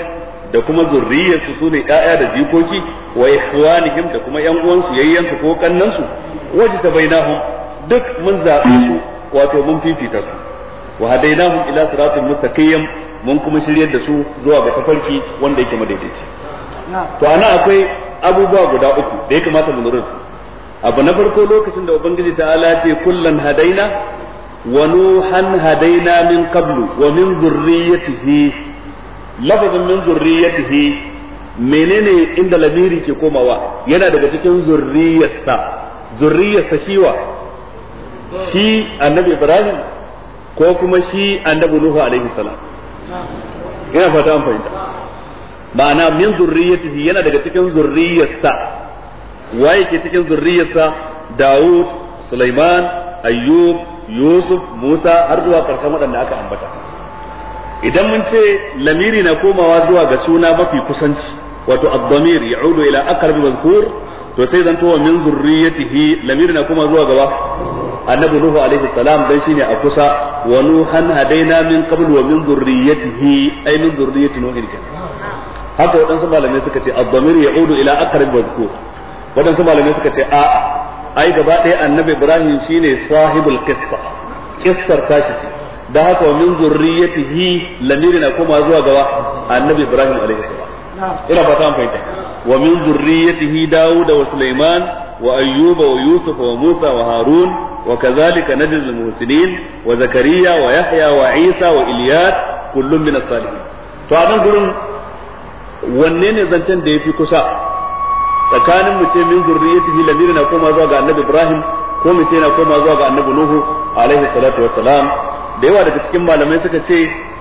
da kuma zurriyarsu su ne ƴaƴa da jikoki wa ikhwanihim da kuma ƴan uwansu yayyansu ko kannansu wajtabainahum duk mun zaɓe su wato mun fifita su wa hadainahum ila siratin mustaqim mun kuma shiryar da su zuwa ga tafarki wanda yake madaidaici to ana akwai abubuwa guda uku da ya kamata mu lura su abu na farko lokacin da ubangiji ta'ala ce kullan hadaina wa nuhan hadaina min qablu wa min zurriyyatihi lafazin min zurriyyatihi menene inda lamiri ke komawa yana daga cikin zurriyarsa zurriyarsa shiwa shi annabi ibrahim ko kuma shi annabi nuhu alaihi salam ina fata an fahimta ma'ana min zurriyyatihi yana daga cikin zurriyyarsa waye ke cikin zurriyyarsa Dawud Sulaiman Ayyub Yusuf Musa har zuwa karshen waɗanda aka ambata idan mun ce lamiri na komawa zuwa ga suna mafi kusanci wato ad-damir ya'udu ila aqrabi mazkur to sai zanto min zurriyatihi lamiri na komawa zuwa gaba annabi nuhu alaihi salam dan shine a kusa wa nuhan hadaina min qabl wa min dhurriyyatihi ay min dhurriyyati nuhin kenan haka wadansu malamai suka ce ad-damir ya'udu ila aqrab wadhkur wadansu malamai suka ce a'a ai gaba ɗaya annabi ibrahim shine sahibul qissa qissar tashi ce da haka wa min zurriyatihi lamirin na koma zuwa gaba annabi ibrahim alaihi salam ina ba ta fahimta wa min zurriyatihi dawud wa sulaiman wa ayyuba wa yusuf wa musa wa harun وكذلك نجزي المحسنين وزكريا ويحيى وعيسى وإلياس كل من الصالحين فأنا قلن ونين زنتين دي في كسا tsakanin mu ce min zurriyatihi lamiri na koma zuwa ga annabi Ibrahim ko mu na koma zuwa ga annabi Nuhu salatu da yawa daga cikin malamai suka ce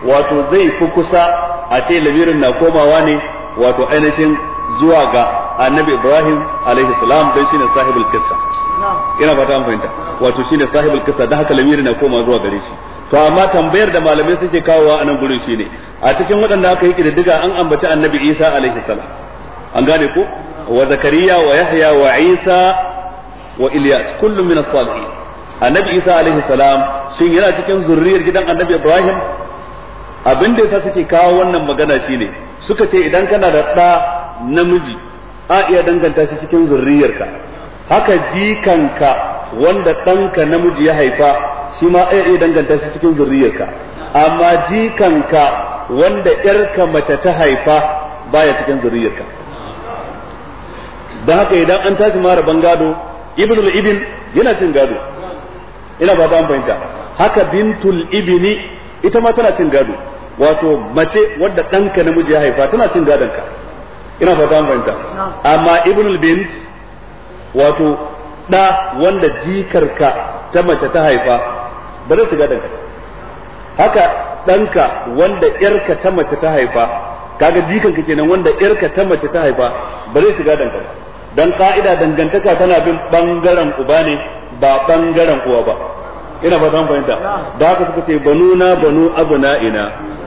wato zai fi kusa a ce lamirin na komawa ne wato ainihin zuwa ga annabi Ibrahim alaihi salam don shine sahibul kissa ina fata an fahimta wato shine sahibul qissa da haka lamiri na koma zuwa gare shi to amma tambayar da malamai suke kawowa a nan gurin shine a cikin waɗanda aka yi kididdiga an ambaci annabi Isa alaihi salam an gane ku? wa zakariya wa yahya wa isa wa ilyas kullu min as-salihin annabi isa alaihi salam shin yana cikin zurriyar gidan annabi ibrahim abin da yasa suke kawo wannan magana shine suka ce idan kana da ɗa namiji a iya danganta shi cikin zurriyarka haka jikanka wanda ɗanka namiji ya haifa shi ma ai iya danganta shi cikin zuriyarka amma jikanka wanda ƴarka mace ta haifa baya cikin zuriyarka Dan haka idan an tashi mara bangado ibnul ibn yana cin gado ina ba ta fahimta haka bintul ibni ita ma tana cin gado wato mace wadda ɗanka namiji ya haifa tana cin gadonka ina fata fahimta amma ibnul bint wato da wanda jikarka ta mace ta haifa ba zai shiga danka haka ɗanka wanda ƴarka ta mace ta haifa kaga jikanka kenan wanda ƴarka ta mace ta haifa ba zai shiga danka ba dan ka'ida dangantaka tana bin bangaren uba ne ba bangaren uwa ba ina fatan fahimta da haka suka ce banuna banu abna'ina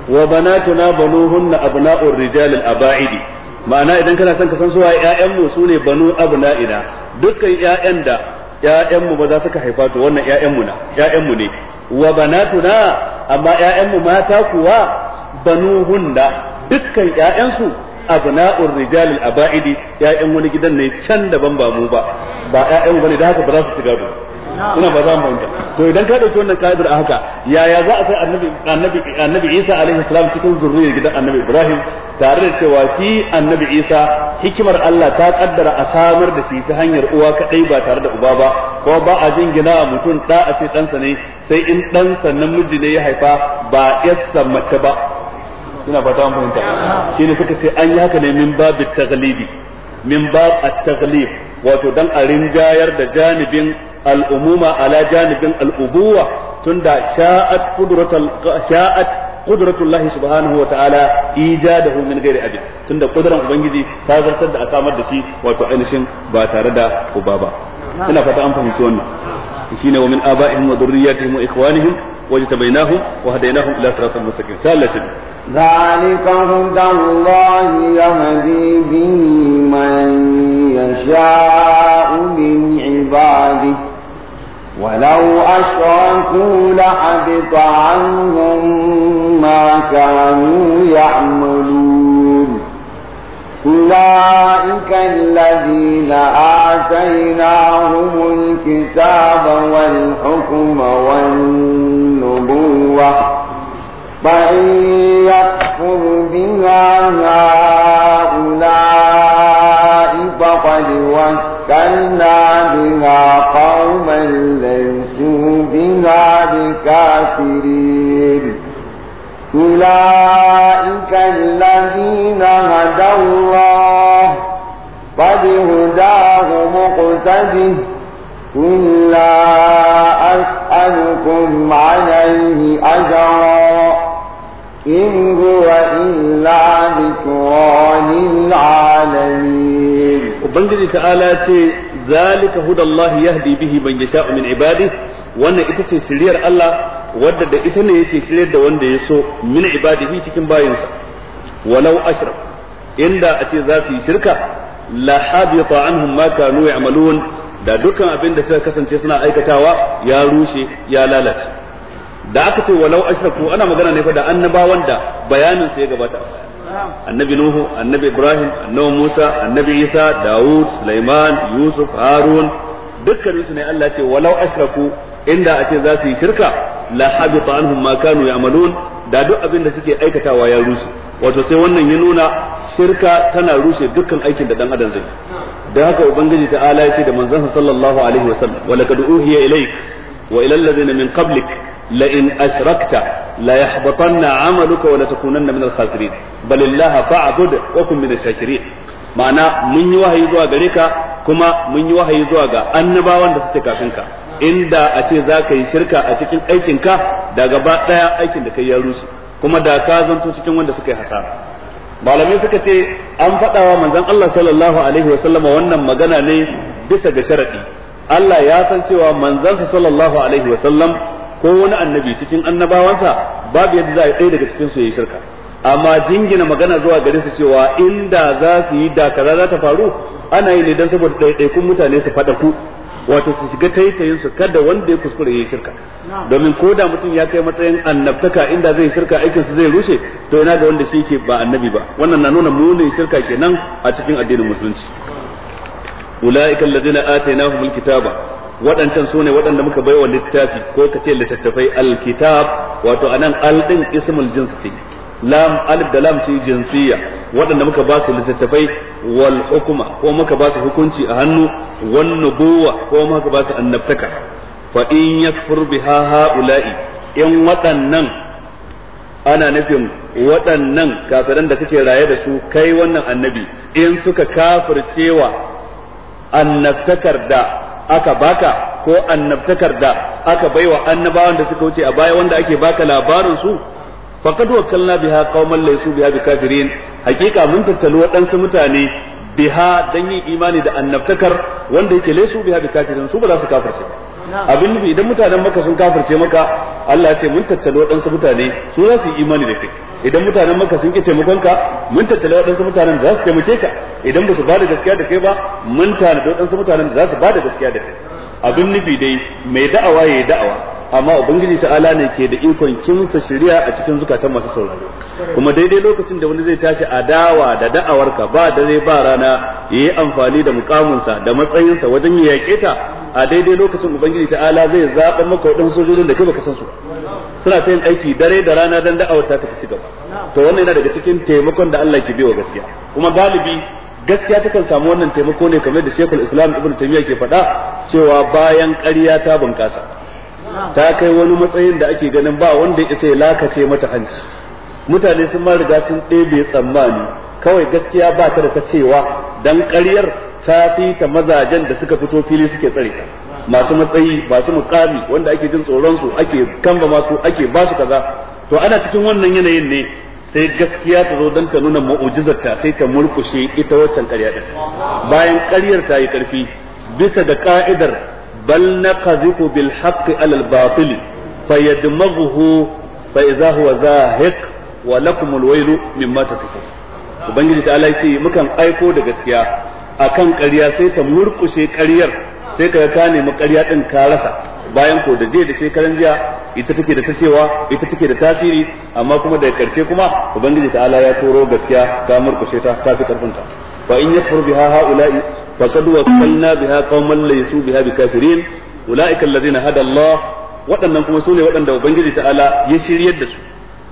wa banatuna banuhunna abna'ur rijal al aba'idi ma'ana idan kana son ka san su ƴaƴan mu sune banu abna'ina dukkan ƴaƴan da ƴaƴanmu maza suka haifa to wannan ƴaƴanmu na ƴaƴanmu ne wa banatuna amma ƴaƴanmu mata kuwa banuhunna dukkan ƴaƴansu abna'ur rijal aba'idi ƴaƴan wani gidan ne can daban ba mu ba ba ƴaƴanmu bane da haka ba za su shiga ba ina ba za mu fahimta to idan ka dauki wannan ka'idar a haka yaya za a sai annabi annabi annabi Isa alaihi salam cikin zurriyar gidan annabi Ibrahim tare da cewa shi annabi Isa hikimar Allah ta kaddara a samar da shi ta hanyar uwa kadai ba tare da uba ba ko ba a jingina mutum da a ce ɗansa ne sai in ɗansa namiji ne ya haifa ba yarsa mace ba ina fata an fahimta shi ne suka ce an yi haka ne min babu taglibi min bab at-taglib wato dan a rinjayar da janibin al'umuma ala janibin al'ubuwa tunda sha'at qudratul sha'at qudratullahi subhanahu wa ta'ala ijadahu min ghairi abin tunda qudran ubangiji ta zartar da a samar da shi wato ainihin ba tare da uba ba ina fata an fahimci wannan shine wa min aba'ihim wa ta wa ikhwanihim wajtabainahum wa hadainahum ذلك هدى الله يهدي به من يشاء من عباده ولو أشركوا لحبط عنهم ما كانوا يعملون أولئك الذين آتيناهم الكتاب والحكم والنبوة فإن يكفر بها هؤلاء ومكنا بها قوما ليسوا بها بكافرين أولئك الذين هدى الله فبهداه مقتده قل لا أسألكم عليه أجرا إن هو إلا ذكرى للعالمين ubangiji ta'ala ce zalika hudallahi yahdi bihi man yasha'u min ibadi wannan ita ce shiriyar Allah wadda da ita ne yake shiryar da wanda ya so min ibadihi cikin bayinsa walau ashraf inda a ce za su yi shirka la habita anhum ma kanu ya'malun da dukkan abin da suka kasance suna aikatawa ya rushe ya lalace da aka ce walau ashraku ana magana ne fa da annabawan da bayanin sa ya gabata annabi nuhu annabi ibrahim annabi musa annabi isa dawud sulaiman yusuf harun dukkanin su ne Allah ce walau asraku inda a ce za su yi shirka la habita anhum ma kanu ya'malun da duk abin da suke aikatawa ya rusu. wato sai wannan ya nuna shirka tana rushe dukkan aikin da dan adam zai da haka ubangiji ta'ala ya ce da manzon sallallahu alaihi wasallam wa uhiya ilaik wa ila alladhina min qablik la in ashrakta la yahbatanna amaluka wa la takunanna min al-khasirin bal illaha fa'bud wa kun ma'ana mun yi wahayi zuwa gare ka kuma mun yi wahayi zuwa ga annabawan da suke kafin ka inda a ce za ka yi shirka a cikin aikinka da gaba ɗaya aikin da kai ya rushe kuma da ka zanto cikin wanda suka yi hasara malamai suka ce an faɗawa manzon Allah sallallahu alaihi wasallam wannan magana ne bisa ga sharaɗi Allah ya san cewa manzansa sallallahu alaihi wasallam ko wani annabi cikin annabawansa babu yadda za a yi ɗaya daga cikin su yi shirka amma jingina magana zuwa gare su cewa inda za su yi da za ta faru ana yi ne don saboda ɗaiɗaikun mutane su faɗa ku wato su shiga taitayin su kada wanda ya kuskure yayi shirka domin ko da mutum ya kai matsayin annabtaka inda zai shirka aikin su zai rushe to ina ga wanda shi ke ba annabi ba wannan na nuna munin shirka kenan a cikin addinin musulunci ulaika alladhina atainahumul kitaba waɗancan su ne waɗanda muka baiwa littafi ko ka ce littattafai alkitab wato anan nan alɗin ismul jins ce lam alif da lam su jinsiyya waɗanda muka ba su littattafai wal hukuma ko muka ba su hukunci a hannu wan nubuwa ko muka ba su annabtaka fa in yakfur biha haula'i in waɗannan ana nufin waɗannan kafiran da kake raye da su kai wannan annabi in suka kafircewa annabtakar da aka baka ko annabtakar da aka baiwa annabawan da suka wuce a baya wanda ake baka labarin su faqad wakkalna biha qauman laysu biha bikafirin hakika mun tattalo waɗansu mutane biha dan yin imani da annabtakar wanda yake laysu biha bikafirin su ba za su kafirce ba abin nufi idan mutanen maka sun kafirce maka Allah ce mun tattalo waɗansu mutane su za su yi imani da kai idan mutanen maka sun ki taimakon ka mun tattalo waɗansu mutanen za su taimake ka idan ba su ba da gaskiya da kai ba mun tanadi waɗansu mutanen za su ba da gaskiya da kai abin nufi dai mai da'awa ya da'awa amma ubangiji ta'ala ne ke da ikon kimsa shari'a a cikin zukatan masu sauraro kuma daidai lokacin da wani zai tashi adawa da da'awarka ba da dare ba rana yayi amfani da mukaminsa da matsayinsa wajen ya yake ta a daidai lokacin ubangiji ta'ala zai zaɓa maka waɗansu sojojin da kai baka san su suna ta yin aiki dare da rana dan da'awar ta tafi gaba to wannan yana daga cikin taimakon da Allah ke biyo gaskiya kuma galibi gaskiya takan samu wannan taimako ne kamar da Sheikhul Islam Ibn Taymiyyah ke faɗa cewa bayan ƙarya ta bunƙasa ta kai wani matsayin da ake ganin ba wanda ya sai lakace mata hanci mutane sun ma riga sun ɗebe tsammani kawai gaskiya ba ta da ta cewa dan ƙaryar ta fi ta mazajen da suka fito fili suke tsare ta masu matsayi masu mukami wanda ake jin tsoron su ake kamba masu ake ba su kaza to ana cikin wannan yanayin ne sai gaskiya ta zo don ta nuna ta sai ta murkushe ita waccan ƙarya din bayan ƙaryar ta yi ƙarfi bisa da ƙa'idar. bal naqdhifu bil haqqi ala al batil fayadmaghuhu fa idha huwa zahiq wa lakum al waylu mimma tasifun ubangiji ta Allah yace mukan aiko da gaskiya akan ƙarya sai ta murkushe ƙaryar sai ka ka nemi ƙarya ɗin ka rasa bayan ko da je da shekaran jiya ita take da tacewa ita take da tasiri amma kuma daga ƙarshe kuma ubangiji ta Allah ya turo gaskiya ta murkushe ta ta fi karfin ta wa in yakfur biha haula'i faqad wasalna biha qauman laysu biha bikafirin ulaika alladhina hada Allah waɗannan kuma sune waɗanda ubangiji ta'ala ya shiryar da su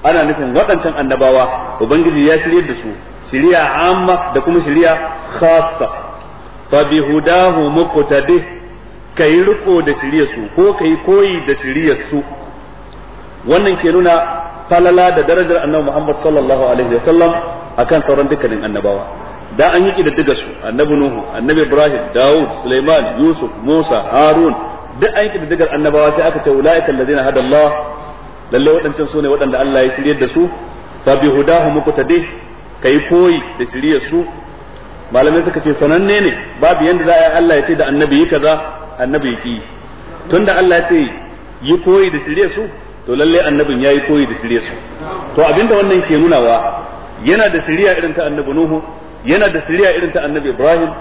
ana nufin waɗancan annabawa ubangiji ya shiryar da su shiriya amma da kuma shiriya khassa fa bi bihudahu muqtadih kai riko da shiriyar su ko kai koyi da shiriyar su wannan ke nuna falala da darajar annabi Muhammad sallallahu alaihi wa sallam akan sauran dukkanin annabawa da an yi daga su annabi nuhu annabi ibrahim daud sulaiman yusuf musa harun duk an yi daga annabawa sai aka ce ulaika allazina hada allah lalle waɗancan su ne waɗanda Allah ya shirye da su fa bi hudahu muqtadih kai koyi da shirye su malamai suka ce sananne ne babu yanda za a Allah ya ce da annabi yi kaza annabi yi tunda Allah ya ce yi koyi da shirye su to lalle annabin yayi koyi da shirye su to abinda wannan ke nunawa yana da shirya irin ta annabi nuhu yana da siriya irin ta annabi Ibrahim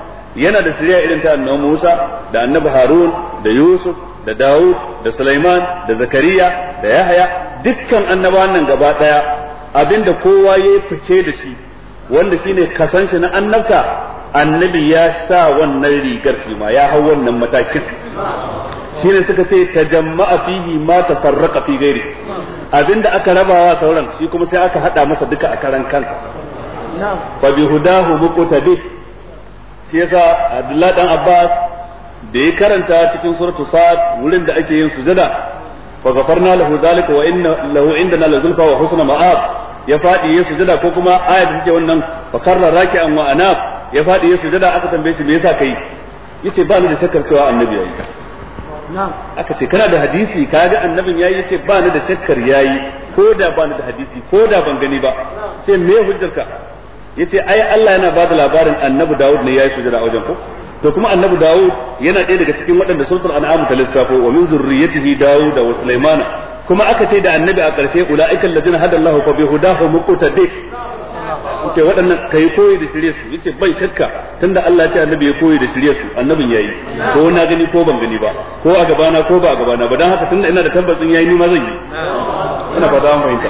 yana da siriya irin ta annabi Musa da annabi Harun da Yusuf da Dawud da Sulaiman da Zakariya da Yahaya dukkan annabawan nan gaba daya abinda kowa ya fice da shi wanda shine kasan shi na annabta annabi ya sa wannan rigar shi ma ya hau wannan matakin shine suka ce tajamma'a fihi ma tafarraqa fi ghairi abinda aka rabawa sauran shi kuma sai aka hada masa duka a karan kansa fa bi hudahu muqtadi shi yasa Abdullahi dan Abbas da ya karanta cikin suratu Sa'ad wurin da ake yin sujada fa ghafarna lahu zalika wa inna lahu indana la zulfa wa husna ma'ab ya fadi ya sujada ko kuma ayat da take wannan fa karra raki'an wa anab ya fadi ya sujada aka tambaye shi me yasa kai yace ba ni da shakkar cewa annabi yayi aka ce kana da hadisi kaga annabin yayi yace ba ni da shakkar yayi ko da ba ni da hadisi ko da ban gani ba sai me hujjarka yace ai Allah yana bada labarin annabi Dawud ne yayi sujada a wajen ku. to kuma annabi Dawud yana ɗaya daga cikin waɗanda suratul an'am ta lissafo wa min zurriyatihi Dawud wa Sulaiman kuma aka ce da annabi a ƙarshe ulaika alladhina hadallahu fa bihudahu muqtadi yace waɗannan kai koyi da shirye su yace ban shakka tunda Allah ya ce annabi ya koyi da shirye su annabin yayi ko na gani ko ban gani ba ko a gabana ko ba a gabana ba dan haka tunda ina da tabbacin yayi ni ma zan yi ina fata an fahimta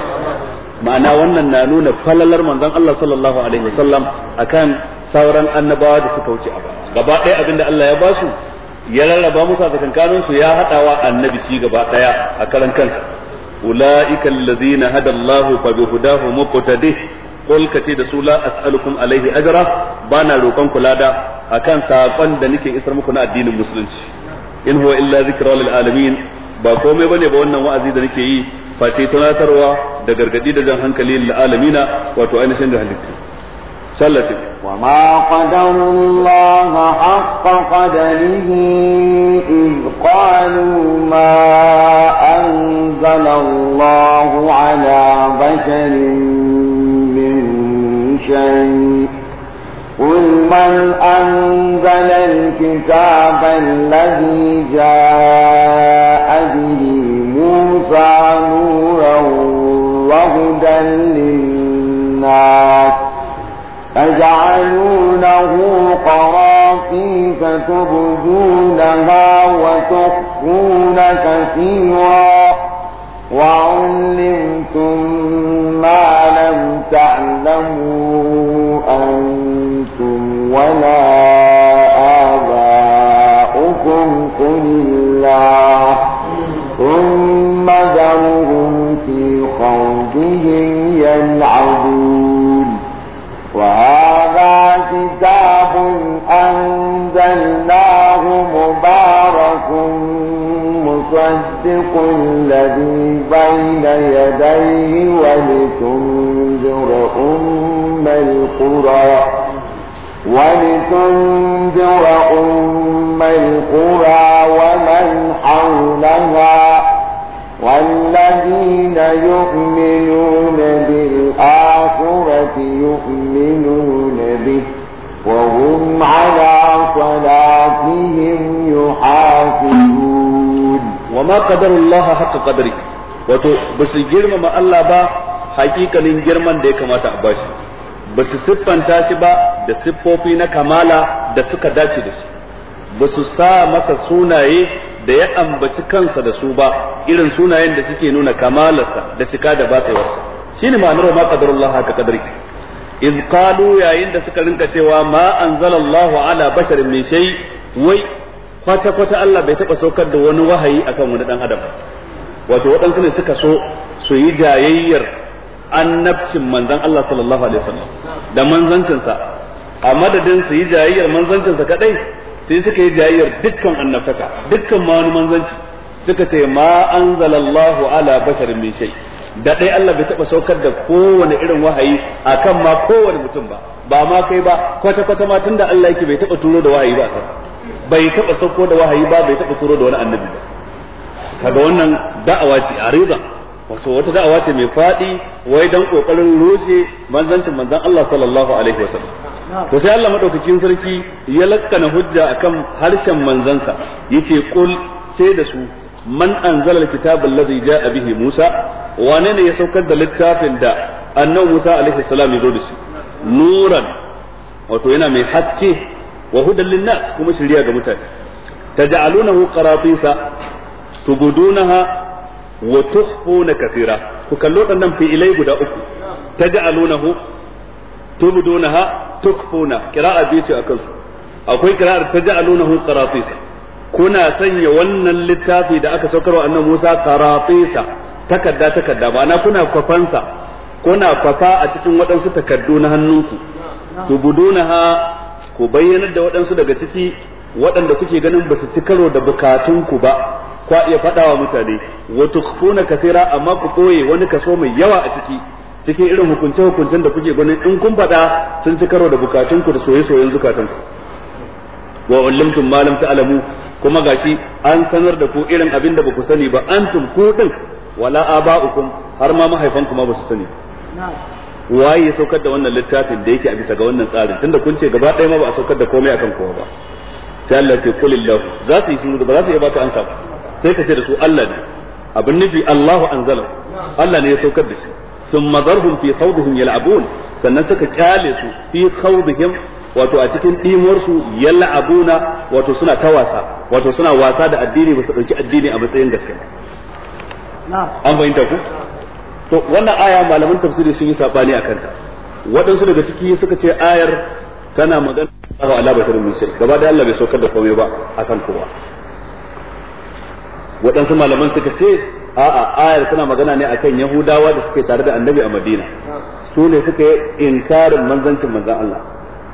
ma'ana wannan na nuna falalar manzon Allah sallallahu alaihi wasallam akan sauran annabawa da suka wuce a baya gaba ɗaya abinda Allah ya ba su ya rarraba musu a tsakankanin su ya hadawa annabi shi gaba ɗaya a karan kansa ulaika allazina hada Allahu fa bihudahu muqtadih qul kati da su la as'alukum alaihi ajra bana roƙon ku lada akan sakon da nake isar muku na addinin musulunci in huwa illa zikra lil alamin ba komai bane ba wannan wa'azi da nake yi face tunatarwa da gargadi da jan hankali lil wato ainihin da halittu sallati wa ma qadarullah haqqa qadarihi in qalu ma anzala Allah ala basharin min shay قل من أنزل الكتاب الذي جاء به يسعى نورا وهدى للناس تجعلونه قراطيس تبدونها وتخفون كثيرا وعلمتم ما لم تعلموا أنتم ولا تصدق الذي بين يديه ولتنذر أم القرى ولتنذر أم القرى ومن حولها والذين يؤمنون بالآخرة يؤمنون به وهم على صلاتهم يحافظون wa ma qadarullahi haqqa qadri wato ba su girmama Allah ba hakikalin girman da ya kamata a bashi ba su siffanta shi ba da siffofi na kamala da suka dace da su ba su sa masa sunaye da ya ambaci kansa da su ba irin sunayen da suke nuna kamalarsa da cika da batsewarsa shine ma'anar ma qadarullah haka qadari iz qalu yayin da suka rinka cewa ma anzalallahu ala basharin min shay wai kwata kwata Allah bai taba saukar da wani wahayi akan wani dan adam wato waɗansu ne suka so su yi jayayyar annabcin manzan Allah sallallahu alaihi wasallam da manzancinsa a madadin su yi jayayyar manzancinsa kadai sai suka yi jayayyar dukkan annabtaka dukkan ma wani manzanci suka ce ma anzalallahu ala basharin min shay' da dai Allah bai taɓa saukar da kowane irin wahayi akan ma kowane mutum ba ba ma kai ba kwata kwata ma tunda Allah yake bai taɓa turo da wahayi ba a sama bai taba sauko da wahayi ba bai taba turo da wani annabi ba kaga wannan da'awa ce riba. wato wata da'awa ce mai faɗi wai dan kokarin rushe manzancin manzon Allah sallallahu alaihi wasallam to sai Allah madaukakin sarki ya lakkana hujja akan harshen manzansa yace kul sai da su man anzala alkitaba alladhi ja'a bihi Musa wane ne ya saukar da littafin da annabi Musa alaihi salam ya zo da shi nuran wato yana mai haske wa hudan linnas kuma shiriya ga mutane taj'alunahu qaratisa tubudunaha wa tukhfuna kathira ku kallo dannan fi'ilai guda uku taj'alunahu tubudunaha tukhfuna qira'a biyu ce akan su akwai qira'ar taj'alunahu qaratisa kuna sanya wannan littafin da aka wa annabi Musa qaratisa takadda takadda ma'ana kuna kwafansa kuna kwafa a cikin waɗansu takardu na hannunku tubudunaha ku bayyanar da waɗansu daga ciki waɗanda kuke ganin ba su ci karo da bukatunku ba kwa iya faɗawa mutane wa tukhfuna kathira amma ku koye wani kaso mai yawa a ciki cikin irin hukunce hukuncen da kuke ganin in kun faɗa sun ci karo da bukatunku da soye soyen zukatanku wa ullimtum ma lam ta'lamu kuma gashi an sanar da ku irin abin da baku sani ba antum ku din wala aba'ukum har ma mahaifanku ma ba su sani waye ya saukar da wannan littafin da yake a bisa ga wannan tsarin tunda kun ce gaba ɗaya ma ba a saukar da komai akan kowa ba sai Allah ce qul illahu za su yi shiru ba za su iya ba baka ansa ba sai ka ce da su Allah ne abin nufi Allahu anzala Allah ne ya saukar da shi thumma zarhum fi khawdihim yal'abun sannan suka kyale su fi khawdihim wato a cikin dimuwar su yal'abuna wato suna ta wasa wato suna wasa da addini ba su dauki addini a matsayin gaskiya an fahimta ku to wannan aya malaman tafsiri sun yi sabani a kanta waɗansu daga ciki suka ce ayar tana magana Allah ala basharun min shay gaba da Allah bai saukar da komai ba akan kowa waɗansu malaman suka ce a'a ayar tana magana ne akan Yahudawa da suke tare da Annabi a Madina su ne suka yi inkarin manzancin manzon Allah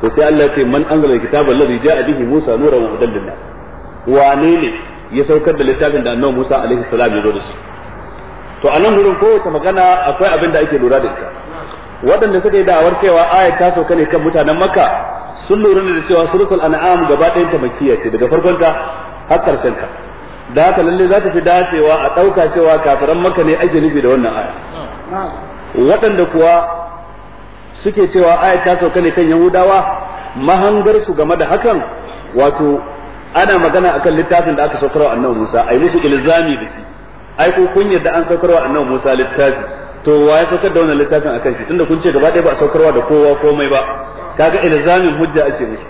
to sai Allah ya ce man angala kitab alladhi ja'a bihi Musa nuran wa hudan lin wane ne ya saukar da littafin da Annabi Musa alaihi salam ya zo da shi to a nan wurin kowace magana akwai abin da ake lura da ita waɗanda suka yi da'awar cewa aya ta sauka ne kan mutanen makka sun lura da cewa suratul an'am gaba ɗayan ta makkiya ce daga farkon ta har karshen ka da haka lalle za ta fi dacewa a ɗauka cewa kafiran makka ne ake nufi da wannan aya waɗanda kuwa suke cewa aya ta sauka ne kan yahudawa mahangar su game da hakan wato ana magana akan littafin da aka saukarwa annabi Musa ai musu ilzami da shi ai ko kun yarda an saukarwa annabi Musa littafi to wa ya saukar da wannan littafin akan shi tunda kun ce gaba ɗaya ba a saukarwa da kowa komai ba kaga ilzamin hujja ake mishi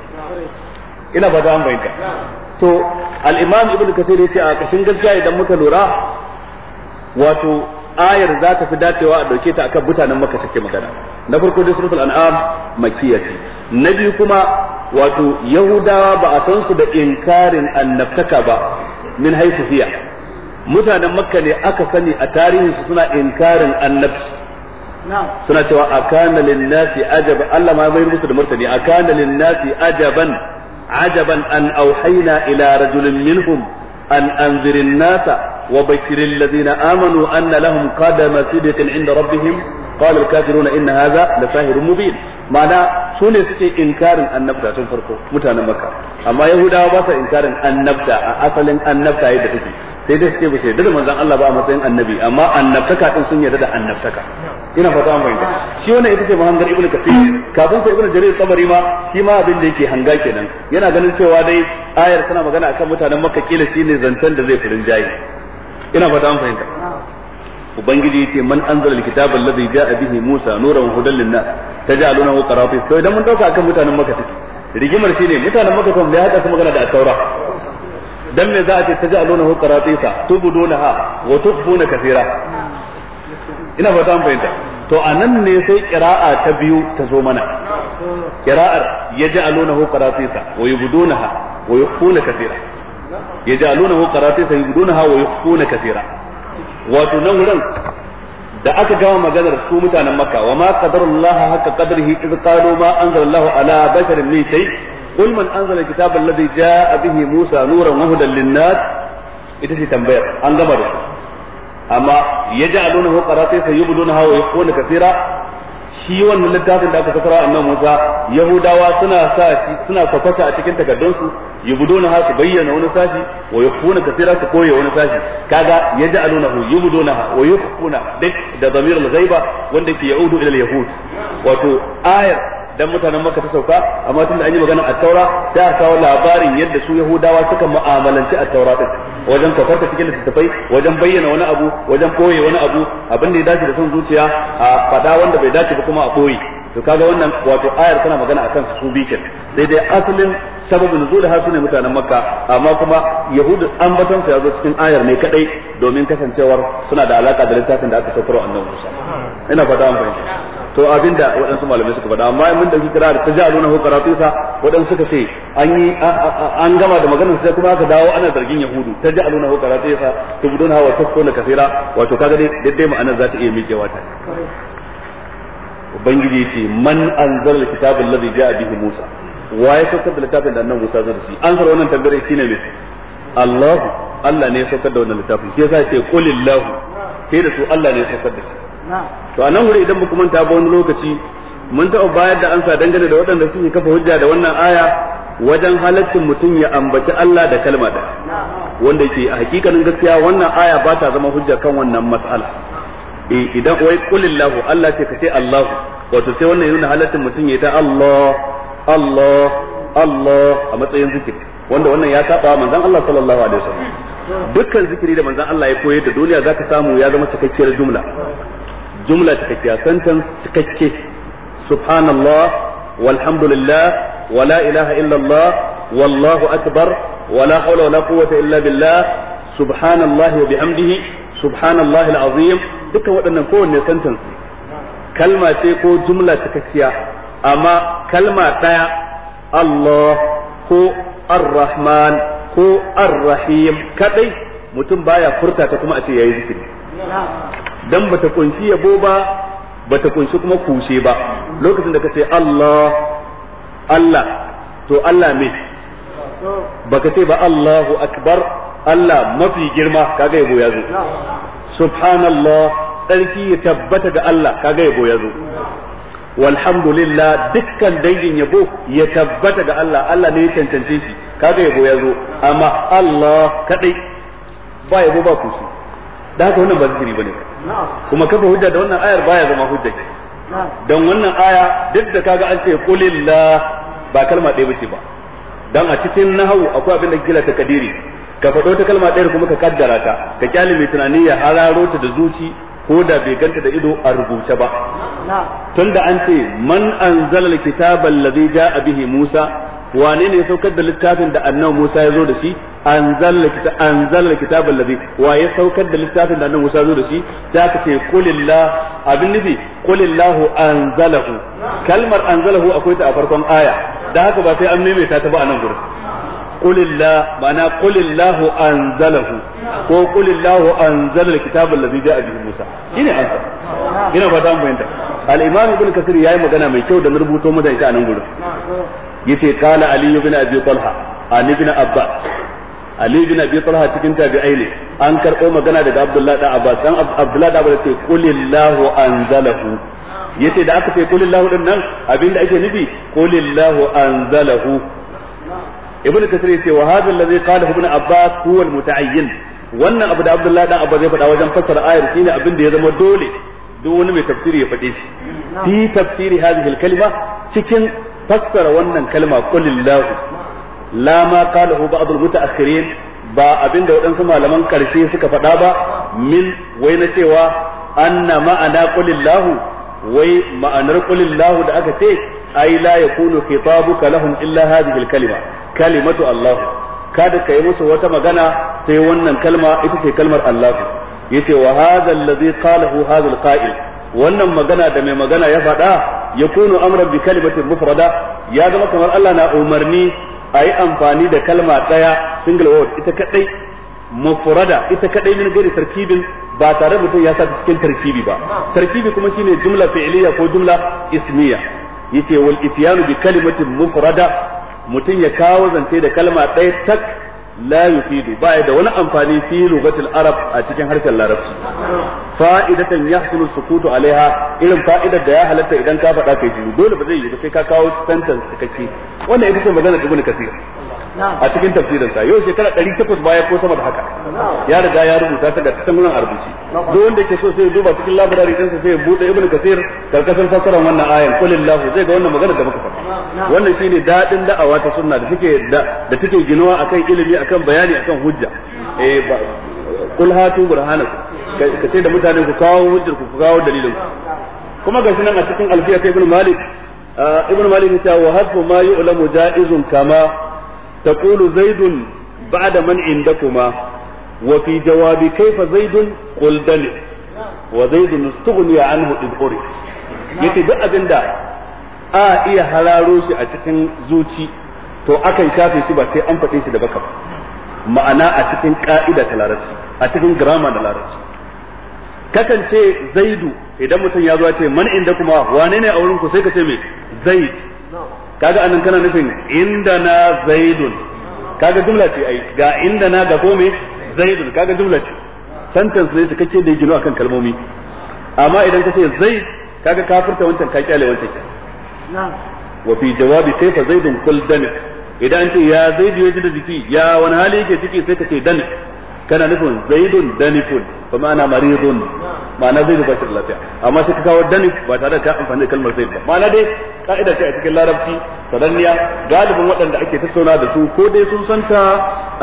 ina ba an bayyana to al-imam ibn kathir yace a kashin gaskiya idan muka lura wato ayar za ta fi dacewa a dauke ta akan mutanen maka take magana na farko dai suratul an'am makkiya ce na biyu kuma wato yahudawa ba a san su da inkarin annabtaka ba min haifu hiya mutanen makka ne aka sani a tarihinsu suna inkarin annabci suna cewa a kana linnasi ajaban Allah ma bai musu da martani a kana linnasi ajaban ajaban an auhayna ila rajulin minhum an anzirin nasa wa bashirin ladina amanu anna lahum qadama sidiqin inda rabbihim qala al-kafiruna inna hadha la sahirun mubin ma'ana sune ne suke inkarin annabta tun farko mutanen makka amma yahudawa ba sa inkarin annabta a asalin annabta yadda take sai dai su ce ba da manzon Allah ba a matsayin annabi amma annabtaka din sun yarda da annabtaka ina fata an shi wannan ita ce mahangar ibnu kafin sai ibnu jarir tabari ma shi ma abin da yake hanga kenan yana ganin cewa dai ayar tana magana akan mutanen makka kila shine zancen da zai furin jayi ina fata an fahimta ubangiji yace man anzala alkitaba alladhi jaa bihi musa nuran hudan linnas taj'alunahu qarafis to idan mun dauka akan mutanen makka rigimar shine mutanen makka kuma ya hada su magana da at-taura dan me za a ce taj'aluna hu qaratisa tubdunaha wa tukhfuna kathira ina fata mun fahimta to anan ne sai qira'a ta biyu ta zo mana qira'ar yaj'aluna hu qaratisa wa yubdunaha wa yukhfuna kathira yaj'aluna hu qaratisa yubdunaha wa yukhfuna kathira wato nan wurin da aka gama maganar su mutanen makka wa ma qadarullah haka qadrihi iz qalu ma anzalallahu ala basharin min shay' qul anzala alkitaba alladhi jaa bihi musa nuran wa hudan linnas ita ce tambayar an gama da amma yaj'alunahu qarati sayubdunaha shi littafin da aka sakara annabi Musa Yahudawa suna sa shi suna kwafata a cikin takardunsu yubuduna ha su bayyana wani sashi wa yakuna kathira su koye wani sashi kaga yaj'alunahu yubuduna wa yakuna da zamir al-ghaiba wanda ke yaudu ila al-yahud wato ayar dan mutanen maka ta sauka amma tun da an yi magana a taura sai a kawo labarin yadda su yahudawa suka mu'amalanci a taura din wajen kafarta cikin littattafai wajen bayyana wani abu wajen koye wani abu abin da ya dace da son zuciya a fada wanda bai dace ba kuma a koyi to kaga wannan wato ayar tana magana akan su bikin sai dai asalin sababin ha sune mutanen makka amma kuma yahudu ambaton ya yazo cikin ayar ne kadai domin kasancewar suna da alaka da littafin da aka saukar annabi Musa ina fata an fahimta to abinda waɗansu malamai suka faɗa amma mun dauki kira da tajaluna ko karatisa waɗansu suka ce an yi an gama da maganar sai kuma aka dawo ana zargin yahudu tajaluna ko karatisa tubuduna wa tukuna kathira wato kaga dai dai ma'anar za ta iya mikewa ta ubangiji ce man anzala alkitaba alladhi ja'a bihi Musa wa ya saukar da littafin da annabi Musa zai shi an fara wannan tambayar shine me Allah Allah ne ya saukar da wannan littafin shi yasa yace qulillahu sai da su Allah ne ya saukar da shi to anan wuri idan muka manta ba wani lokaci mun taɓa bayar da ansa dangane da waɗanda suke kafa hujja da wannan aya wajen halaccin mutum ya ambaci Allah da kalma da wanda ke a hakikanin gaskiya wannan aya ba ta zama hujja kan wannan mas'ala eh idan wai kulillahu Allah ce ka ce Allah wato sai wannan yana halatta mutum ya ta Allah Allah Allah a matsayin zikiri wanda wannan ya saba manzon Allah sallallahu alaihi wasallam dukkan zikiri da manzon Allah ya koyar da duniya zaka samu ya zama cikakkiyar jumla jumla cikakkiya sentence cikakke subhanallah walhamdulillah wala ilaha illallah wallahu akbar wala hawla wala quwwata illa billah subhanallahi wa bihamdihi subhanallahi alazim dukkan waɗannan kowanne sentence kalma ce ko jumla cikakkiya amma kalma ɗaya Allah ko Ar-Rahman ko Ar-Rahim kadai mutum baya furta ta kuma a ce yayi zikiri dan bata kunshi yabo ba bata kunshi kuma kushe ba lokacin da kace Allah Allah to Allah me baka ce ba Allahu akbar Allah mafi girma kaga yabo ya zo subhanallah tsarki ya tabbata ga Allah kaga yabo ya zo walhamdulillah dukkan dangin yabo ya tabbata ga Allah Allah ne ya cancance shi kaga yabo ya zo amma Allah kadai ba yabo ba kusi da haka wannan ba zikiri bane kuma kafa hujja da wannan ayar baya zama hujja dan wannan aya duk da kaga an ce qulillah ba kalma ɗaya bace ba dan a cikin nahawu akwai abin da gila ta kadiri ka faɗo ta kalma ɗaya kuma ka kaddara ta ka kyale mai tunani ya hararo ta da zuci ko da bai ganta da ido a rubuce ba tun da an ce man anzala alkitaba alladhi jaa bihi Musa wane ne ya saukar da littafin da annabi Musa ya zo da shi anzala kitaba anzala kitaba alladhi wa ya saukar da littafin da annabi Musa ya zo da shi da ka ce qulillah abin nufi qulillahu anzalahu kalmar anzalahu akwai ta a farkon aya da haka ba sai an maimaita ta ba a nan gurin qulillah ma'ana qulillahu anzalahu ko qulillahu anzala alkitaba allazi ja'a bihi Musa shine ansa ina ba ta mu yanda al-imam ibn kasir yayi magana mai kyau da mun rubuto mu da ita a nan gurin yace qala ali ibn abi talha ali ibn abbas ali ibn abi talha cikin tabi'ai ne an karɓo magana daga abdullahi da abbas dan abdullahi da abbas ce qulillahu anzalahu yace da aka ce qulillahu din nan abinda ake nufi qulillahu anzalahu ibnu kasir yace wa hadha alladhi qala ibnu abbas huwa almutaayyin wannan abu da abdullahi dan abba zai faɗa wajen fassara ayar shine abin da ya zama dole duk wani mai tafsiri ya faɗe shi fi tafsiri hadhihi alkalima cikin fassara wannan kalma qulillahu la ma qalahu ba'd almutaakhirin ba abin da waɗansu malaman karshe suka faɗa ba min wai na cewa anna ma'ana qulillahu wai ma'anar qulillahu da aka ce ai la yakunu khitabuka lahum illa hadhihi al-kalima kalimatu Allah kada kai musu wata magana sai wannan kalma ita ce kalmar Allah yace wa hadha alladhi qalahu hadha qail wannan magana da mai magana ya faɗa kunu amran bi kalimatin mufrada ya zama kamar Allah na umarni ayi amfani da kalma ɗaya single word ita kadai mufrada ita kadai min gari tarkibin ba tare mutum ya sa cikin tarkibi ba tarkibi kuma shine jumla fi'liya ko jumla ismiya yace wal ityanu bi kalimatin mufrada mutum ya kawo zance da kalma ɗaya tak la yufidu ba da wani amfani fi lugatul arab a cikin harshen larabci fa'idatan yahsulu sukutu alaiha irin fa'idar da ya halatta idan ka faɗa kai dole ba zai yi ba sai ka kawo sentence cikakke wannan ita ce magana ibnu kasir a cikin tafsirinsa yau shekara 800 baya ko sama da haka ya riga ya rubuta ta ga cikin wurin arbuci duk wanda yake so sai ya duba cikin din sa sai ya bude ibnu kasir karkashin fassarar wannan ayan kulillahu zai ga wannan magana da muka faɗa wannan shine dadin da'awa ta sunna da take da take ginuwa akan ilimi akan bayani akan hujja eh kul hatu burhanakum ka ce da mutane ku kawo hujjar ku kawo dalilin kuma ga sunan a cikin alfiya ta ibnu malik ibnu malik ya ce wa hadu ma yu'lamu ja'izun kama taqulu zaidun ba'da man indakuma wa fi jawabi kayfa zaidun qul dal wa zaidun istughniya anhu idhuri yace duk abinda a iya hararo shi a cikin zuci to akan shafe shi ba sai an faɗe shi da baka ma'ana a cikin ka'ida ta larabci a cikin girama da larabci kakan ce zaidu idan mutum ya zo ce man inda kuma wane ne a wurin ku sai ka ce me zaid kaga anan kana nufin inda na zaidun kaga jumla ce ai ga inda na ga kome zaidun kaga jumla ce sentence ne cikakke da gino akan kalmomi amma idan ka ce zaid kaga kafirta wancan ka kyale wancan na wa fi jawabi kaifa zaidun kul dan idan an ce ya zaid ya da jiki ya wani hali yake ciki sai ka ce danik kana nufin zaidun danifun fa ma'ana maridun ma'ana zai ba shi da lafiya amma sai ka kawo dani ba tare da ka amfani da kalmar zai ba ma'ana dai ka'ida ce a cikin larabci sananniya galibin waɗanda ake tattauna da su ko dai sun santa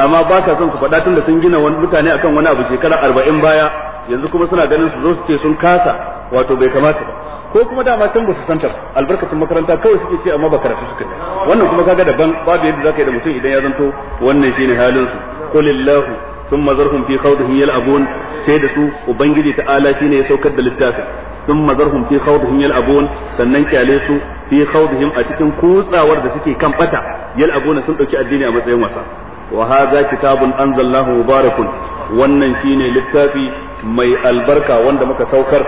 amma ba sa son su faɗa tun da sun gina wani mutane akan wani abu shekara arba'in baya yanzu kuma suna ganin su zo su ce sun kasa wato bai kamata ba ko kuma dama can ba su santa albarkatun makaranta kawai suke ce amma ba karatu suka wannan kuma kaga daban babu yadda zaka yi da mutum idan ya zanto wannan shine halin su qulillahu thumma zarhum fi khawdihim yal'abun sai da su ubangiji ta'ala shine ya saukar da littafin thumma zarhum fi khawdihim yal'abun sannan kyale su fi khawdihim a cikin kutsawar da suke kan bata yal'abun sun ɗauki addini a matsayin wasa Waha hadha kitabun anzalallahu mubarakun wannan shine littafi mai albarka wanda muka saukar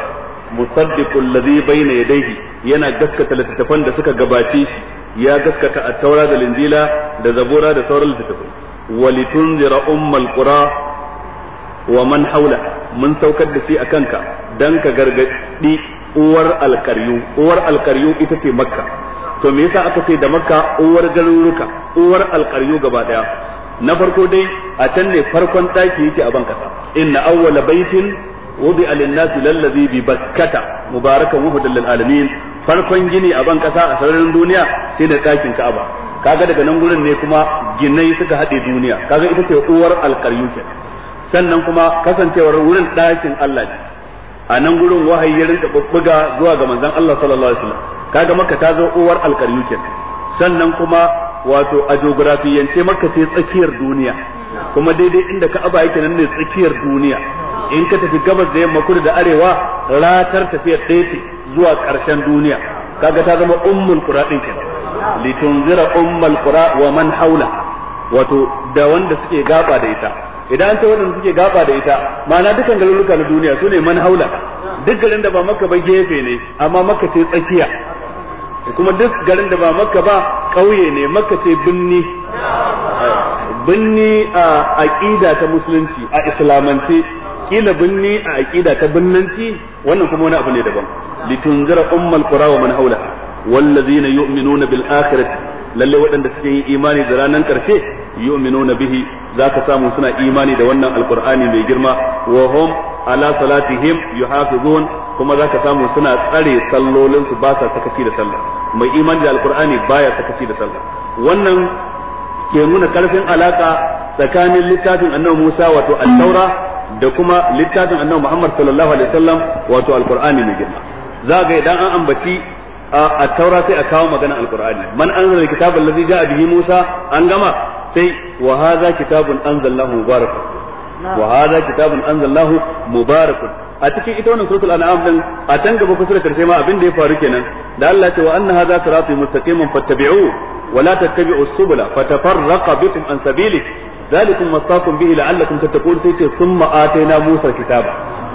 musaddiqul ladhi bayna yadayhi yana gaskata littattafan da suka gabace shi ya gaskata at-taura da linzila da zabura da sauran littattafai walitunzira ummal qura wa man haula mun saukar da shi akan ka dan ka gargadi uwar alkaryu uwar alkaryu ita ce makka to me yasa aka ce da makka uwar garuruka uwar alkaryu gaba daya na farko dai a can ne farkon daki yake a ban kasa inna awwala baitin wudi'a lin-nasi lallazi bi bakkata mubarakan wa lil-alamin farkon gini a ban ƙasa a sararin duniya sai da dakin ka'aba kaga daga nan gurin ne kuma ginai suka haɗe duniya kaga ita ce uwar alƙaryu sannan kuma kasancewar wurin ɗakin Allah ne a nan gurin wahayi ya rinka buga zuwa ga manzon Allah sallallahu alaihi wasallam kaga maka ta zo uwar alƙaryu sannan kuma wato a geografiyance maka ce tsakiyar duniya kuma daidai inda Ka'aba yake nan ne tsakiyar duniya in ka tafi gabas da yamma kudu da arewa ratar tafiyar ɗaya ce zuwa ƙarshen duniya kaga ta zama ummul qura din kenan litunzira ummul qura wa man haula wato da wanda suke gaba da ita idan an ce waɗanda suke gaba da ita ma'ana dukkan garuruka na duniya su ne man haula duk garin da ba maka ba gefe ne amma maka ce tsakiya kuma duk garin da ba maka ba ƙauye ne maka ce binni binni a aƙida ta musulunci a islamance kila binni a aƙida ta binnanci wannan kuma wani abu ne daban litunzira ummul qura wa man haula wallazina yu'minuna bil akhirati lalle waɗanda suke yin imani da ranar ƙarshe yu'minuna bihi zaka samu suna imani da wannan alqur'ani mai girma wa hum ala salatihim yuhafizun kuma zaka samu suna tsare sallolin su ba sa sakaci da sallah mai imani da alqur'ani baya sakaci da sallah wannan ke nuna karfin alaka tsakanin littafin annabi Musa wato al-Taura da kuma littafin annabi Muhammad sallallahu alaihi wasallam wato alqur'ani mai girma za ga idan an ambaci a taura sai a kawo magana alqur'ani man anzala alkitaba allazi ja'a bihi musa an gama sai wa hadha kitabun anzalallahu mubarak wa hadha kitabun anzalallahu mubarak a cikin ita wannan suratul an'am din a can gaba kusa da karshe ma abin da ya faru kenan da Allah ya ce wa anna hadha sirati mustaqiman fattabi'u wa la tattabi'us subula fatafarraqa bikum an sabili ذلكم وصاكم به لعلكم تتقون سيتي ثم musa kitaba. الكتاب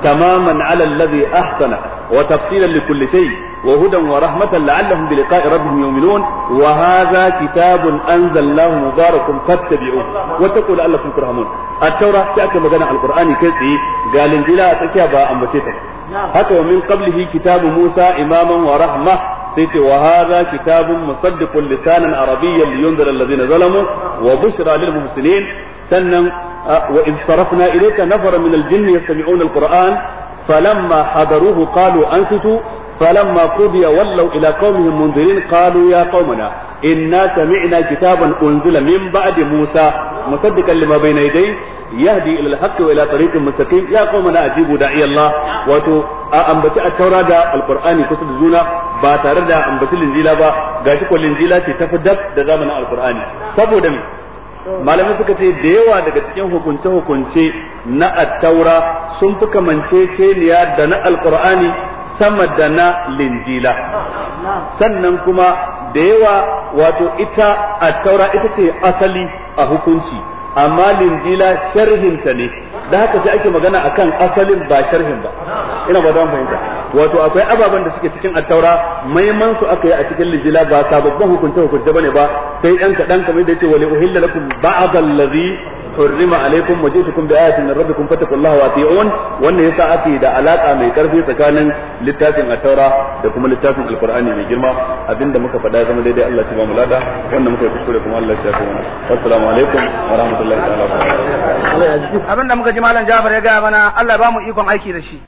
تماما على الذي أحسن وتفصيلا لكل شيء وهدى ورحمة لعلهم بلقاء ربهم يؤمنون وهذا كتاب أنزلناه مبارك فاتبعوه واتقوا لعلكم ترحمون التوراة تأتي مجانا القرآن كذي قال إنجيل أتكيها أمتيتك haka wa min Musa imaman wa rahma sai ce wa hadha kitabun musaddiqun lisanan arabiyyan liyunzira alladhina sannan wa id sarafna ilayka nafara min فلما قضي ولوا إلى قومهم منذرين قالوا يا قومنا إنا سمعنا كتابا أنزل من بعد موسى مصدقا لما بين يديه يهدي إلى الحق وإلى طريق مستقيم يا قومنا أجيبوا داعي الله وتو أنبتي التوراة دا القرآن كتب زونا باتار دا أنبتي الإنجيل با غاشك والإنجيل تتفدد دا زمن القرآن سبو دمي malamai suka ce da yawa daga cikin hukunce-hukunce na attaura sun fi kamanceceniya da na alkur'ani sama da na linjila sannan kuma da yawa wato ita a taura ita ce asali a hukunci amma linjila sharhinta ne da haka sai ake magana akan asalin ba sharhin ba ina ba don fahimta wato akwai ababen da suke cikin attaura maiman su aka yi a cikin linjila ba sababbin hukunce hukunce bane ba sai yan kaɗan kamar da yace wali uhilla lakum ba'd allazi hurrima alaikum wajitukum bi ayatin min rabbikum fattaqullaha wa ati'un wannan yasa ake da alaka mai karfi tsakanin littafin at-taura da kuma littafin alqur'ani mai girma abinda muka faɗa daidai Allah ya ba mu lada muka yi kuskure kuma Allah ya kuma assalamu alaikum wa rahmatullahi ta'ala abinda muka ji malam Jafar ya ga bana Allah ba mu ikon aiki da shi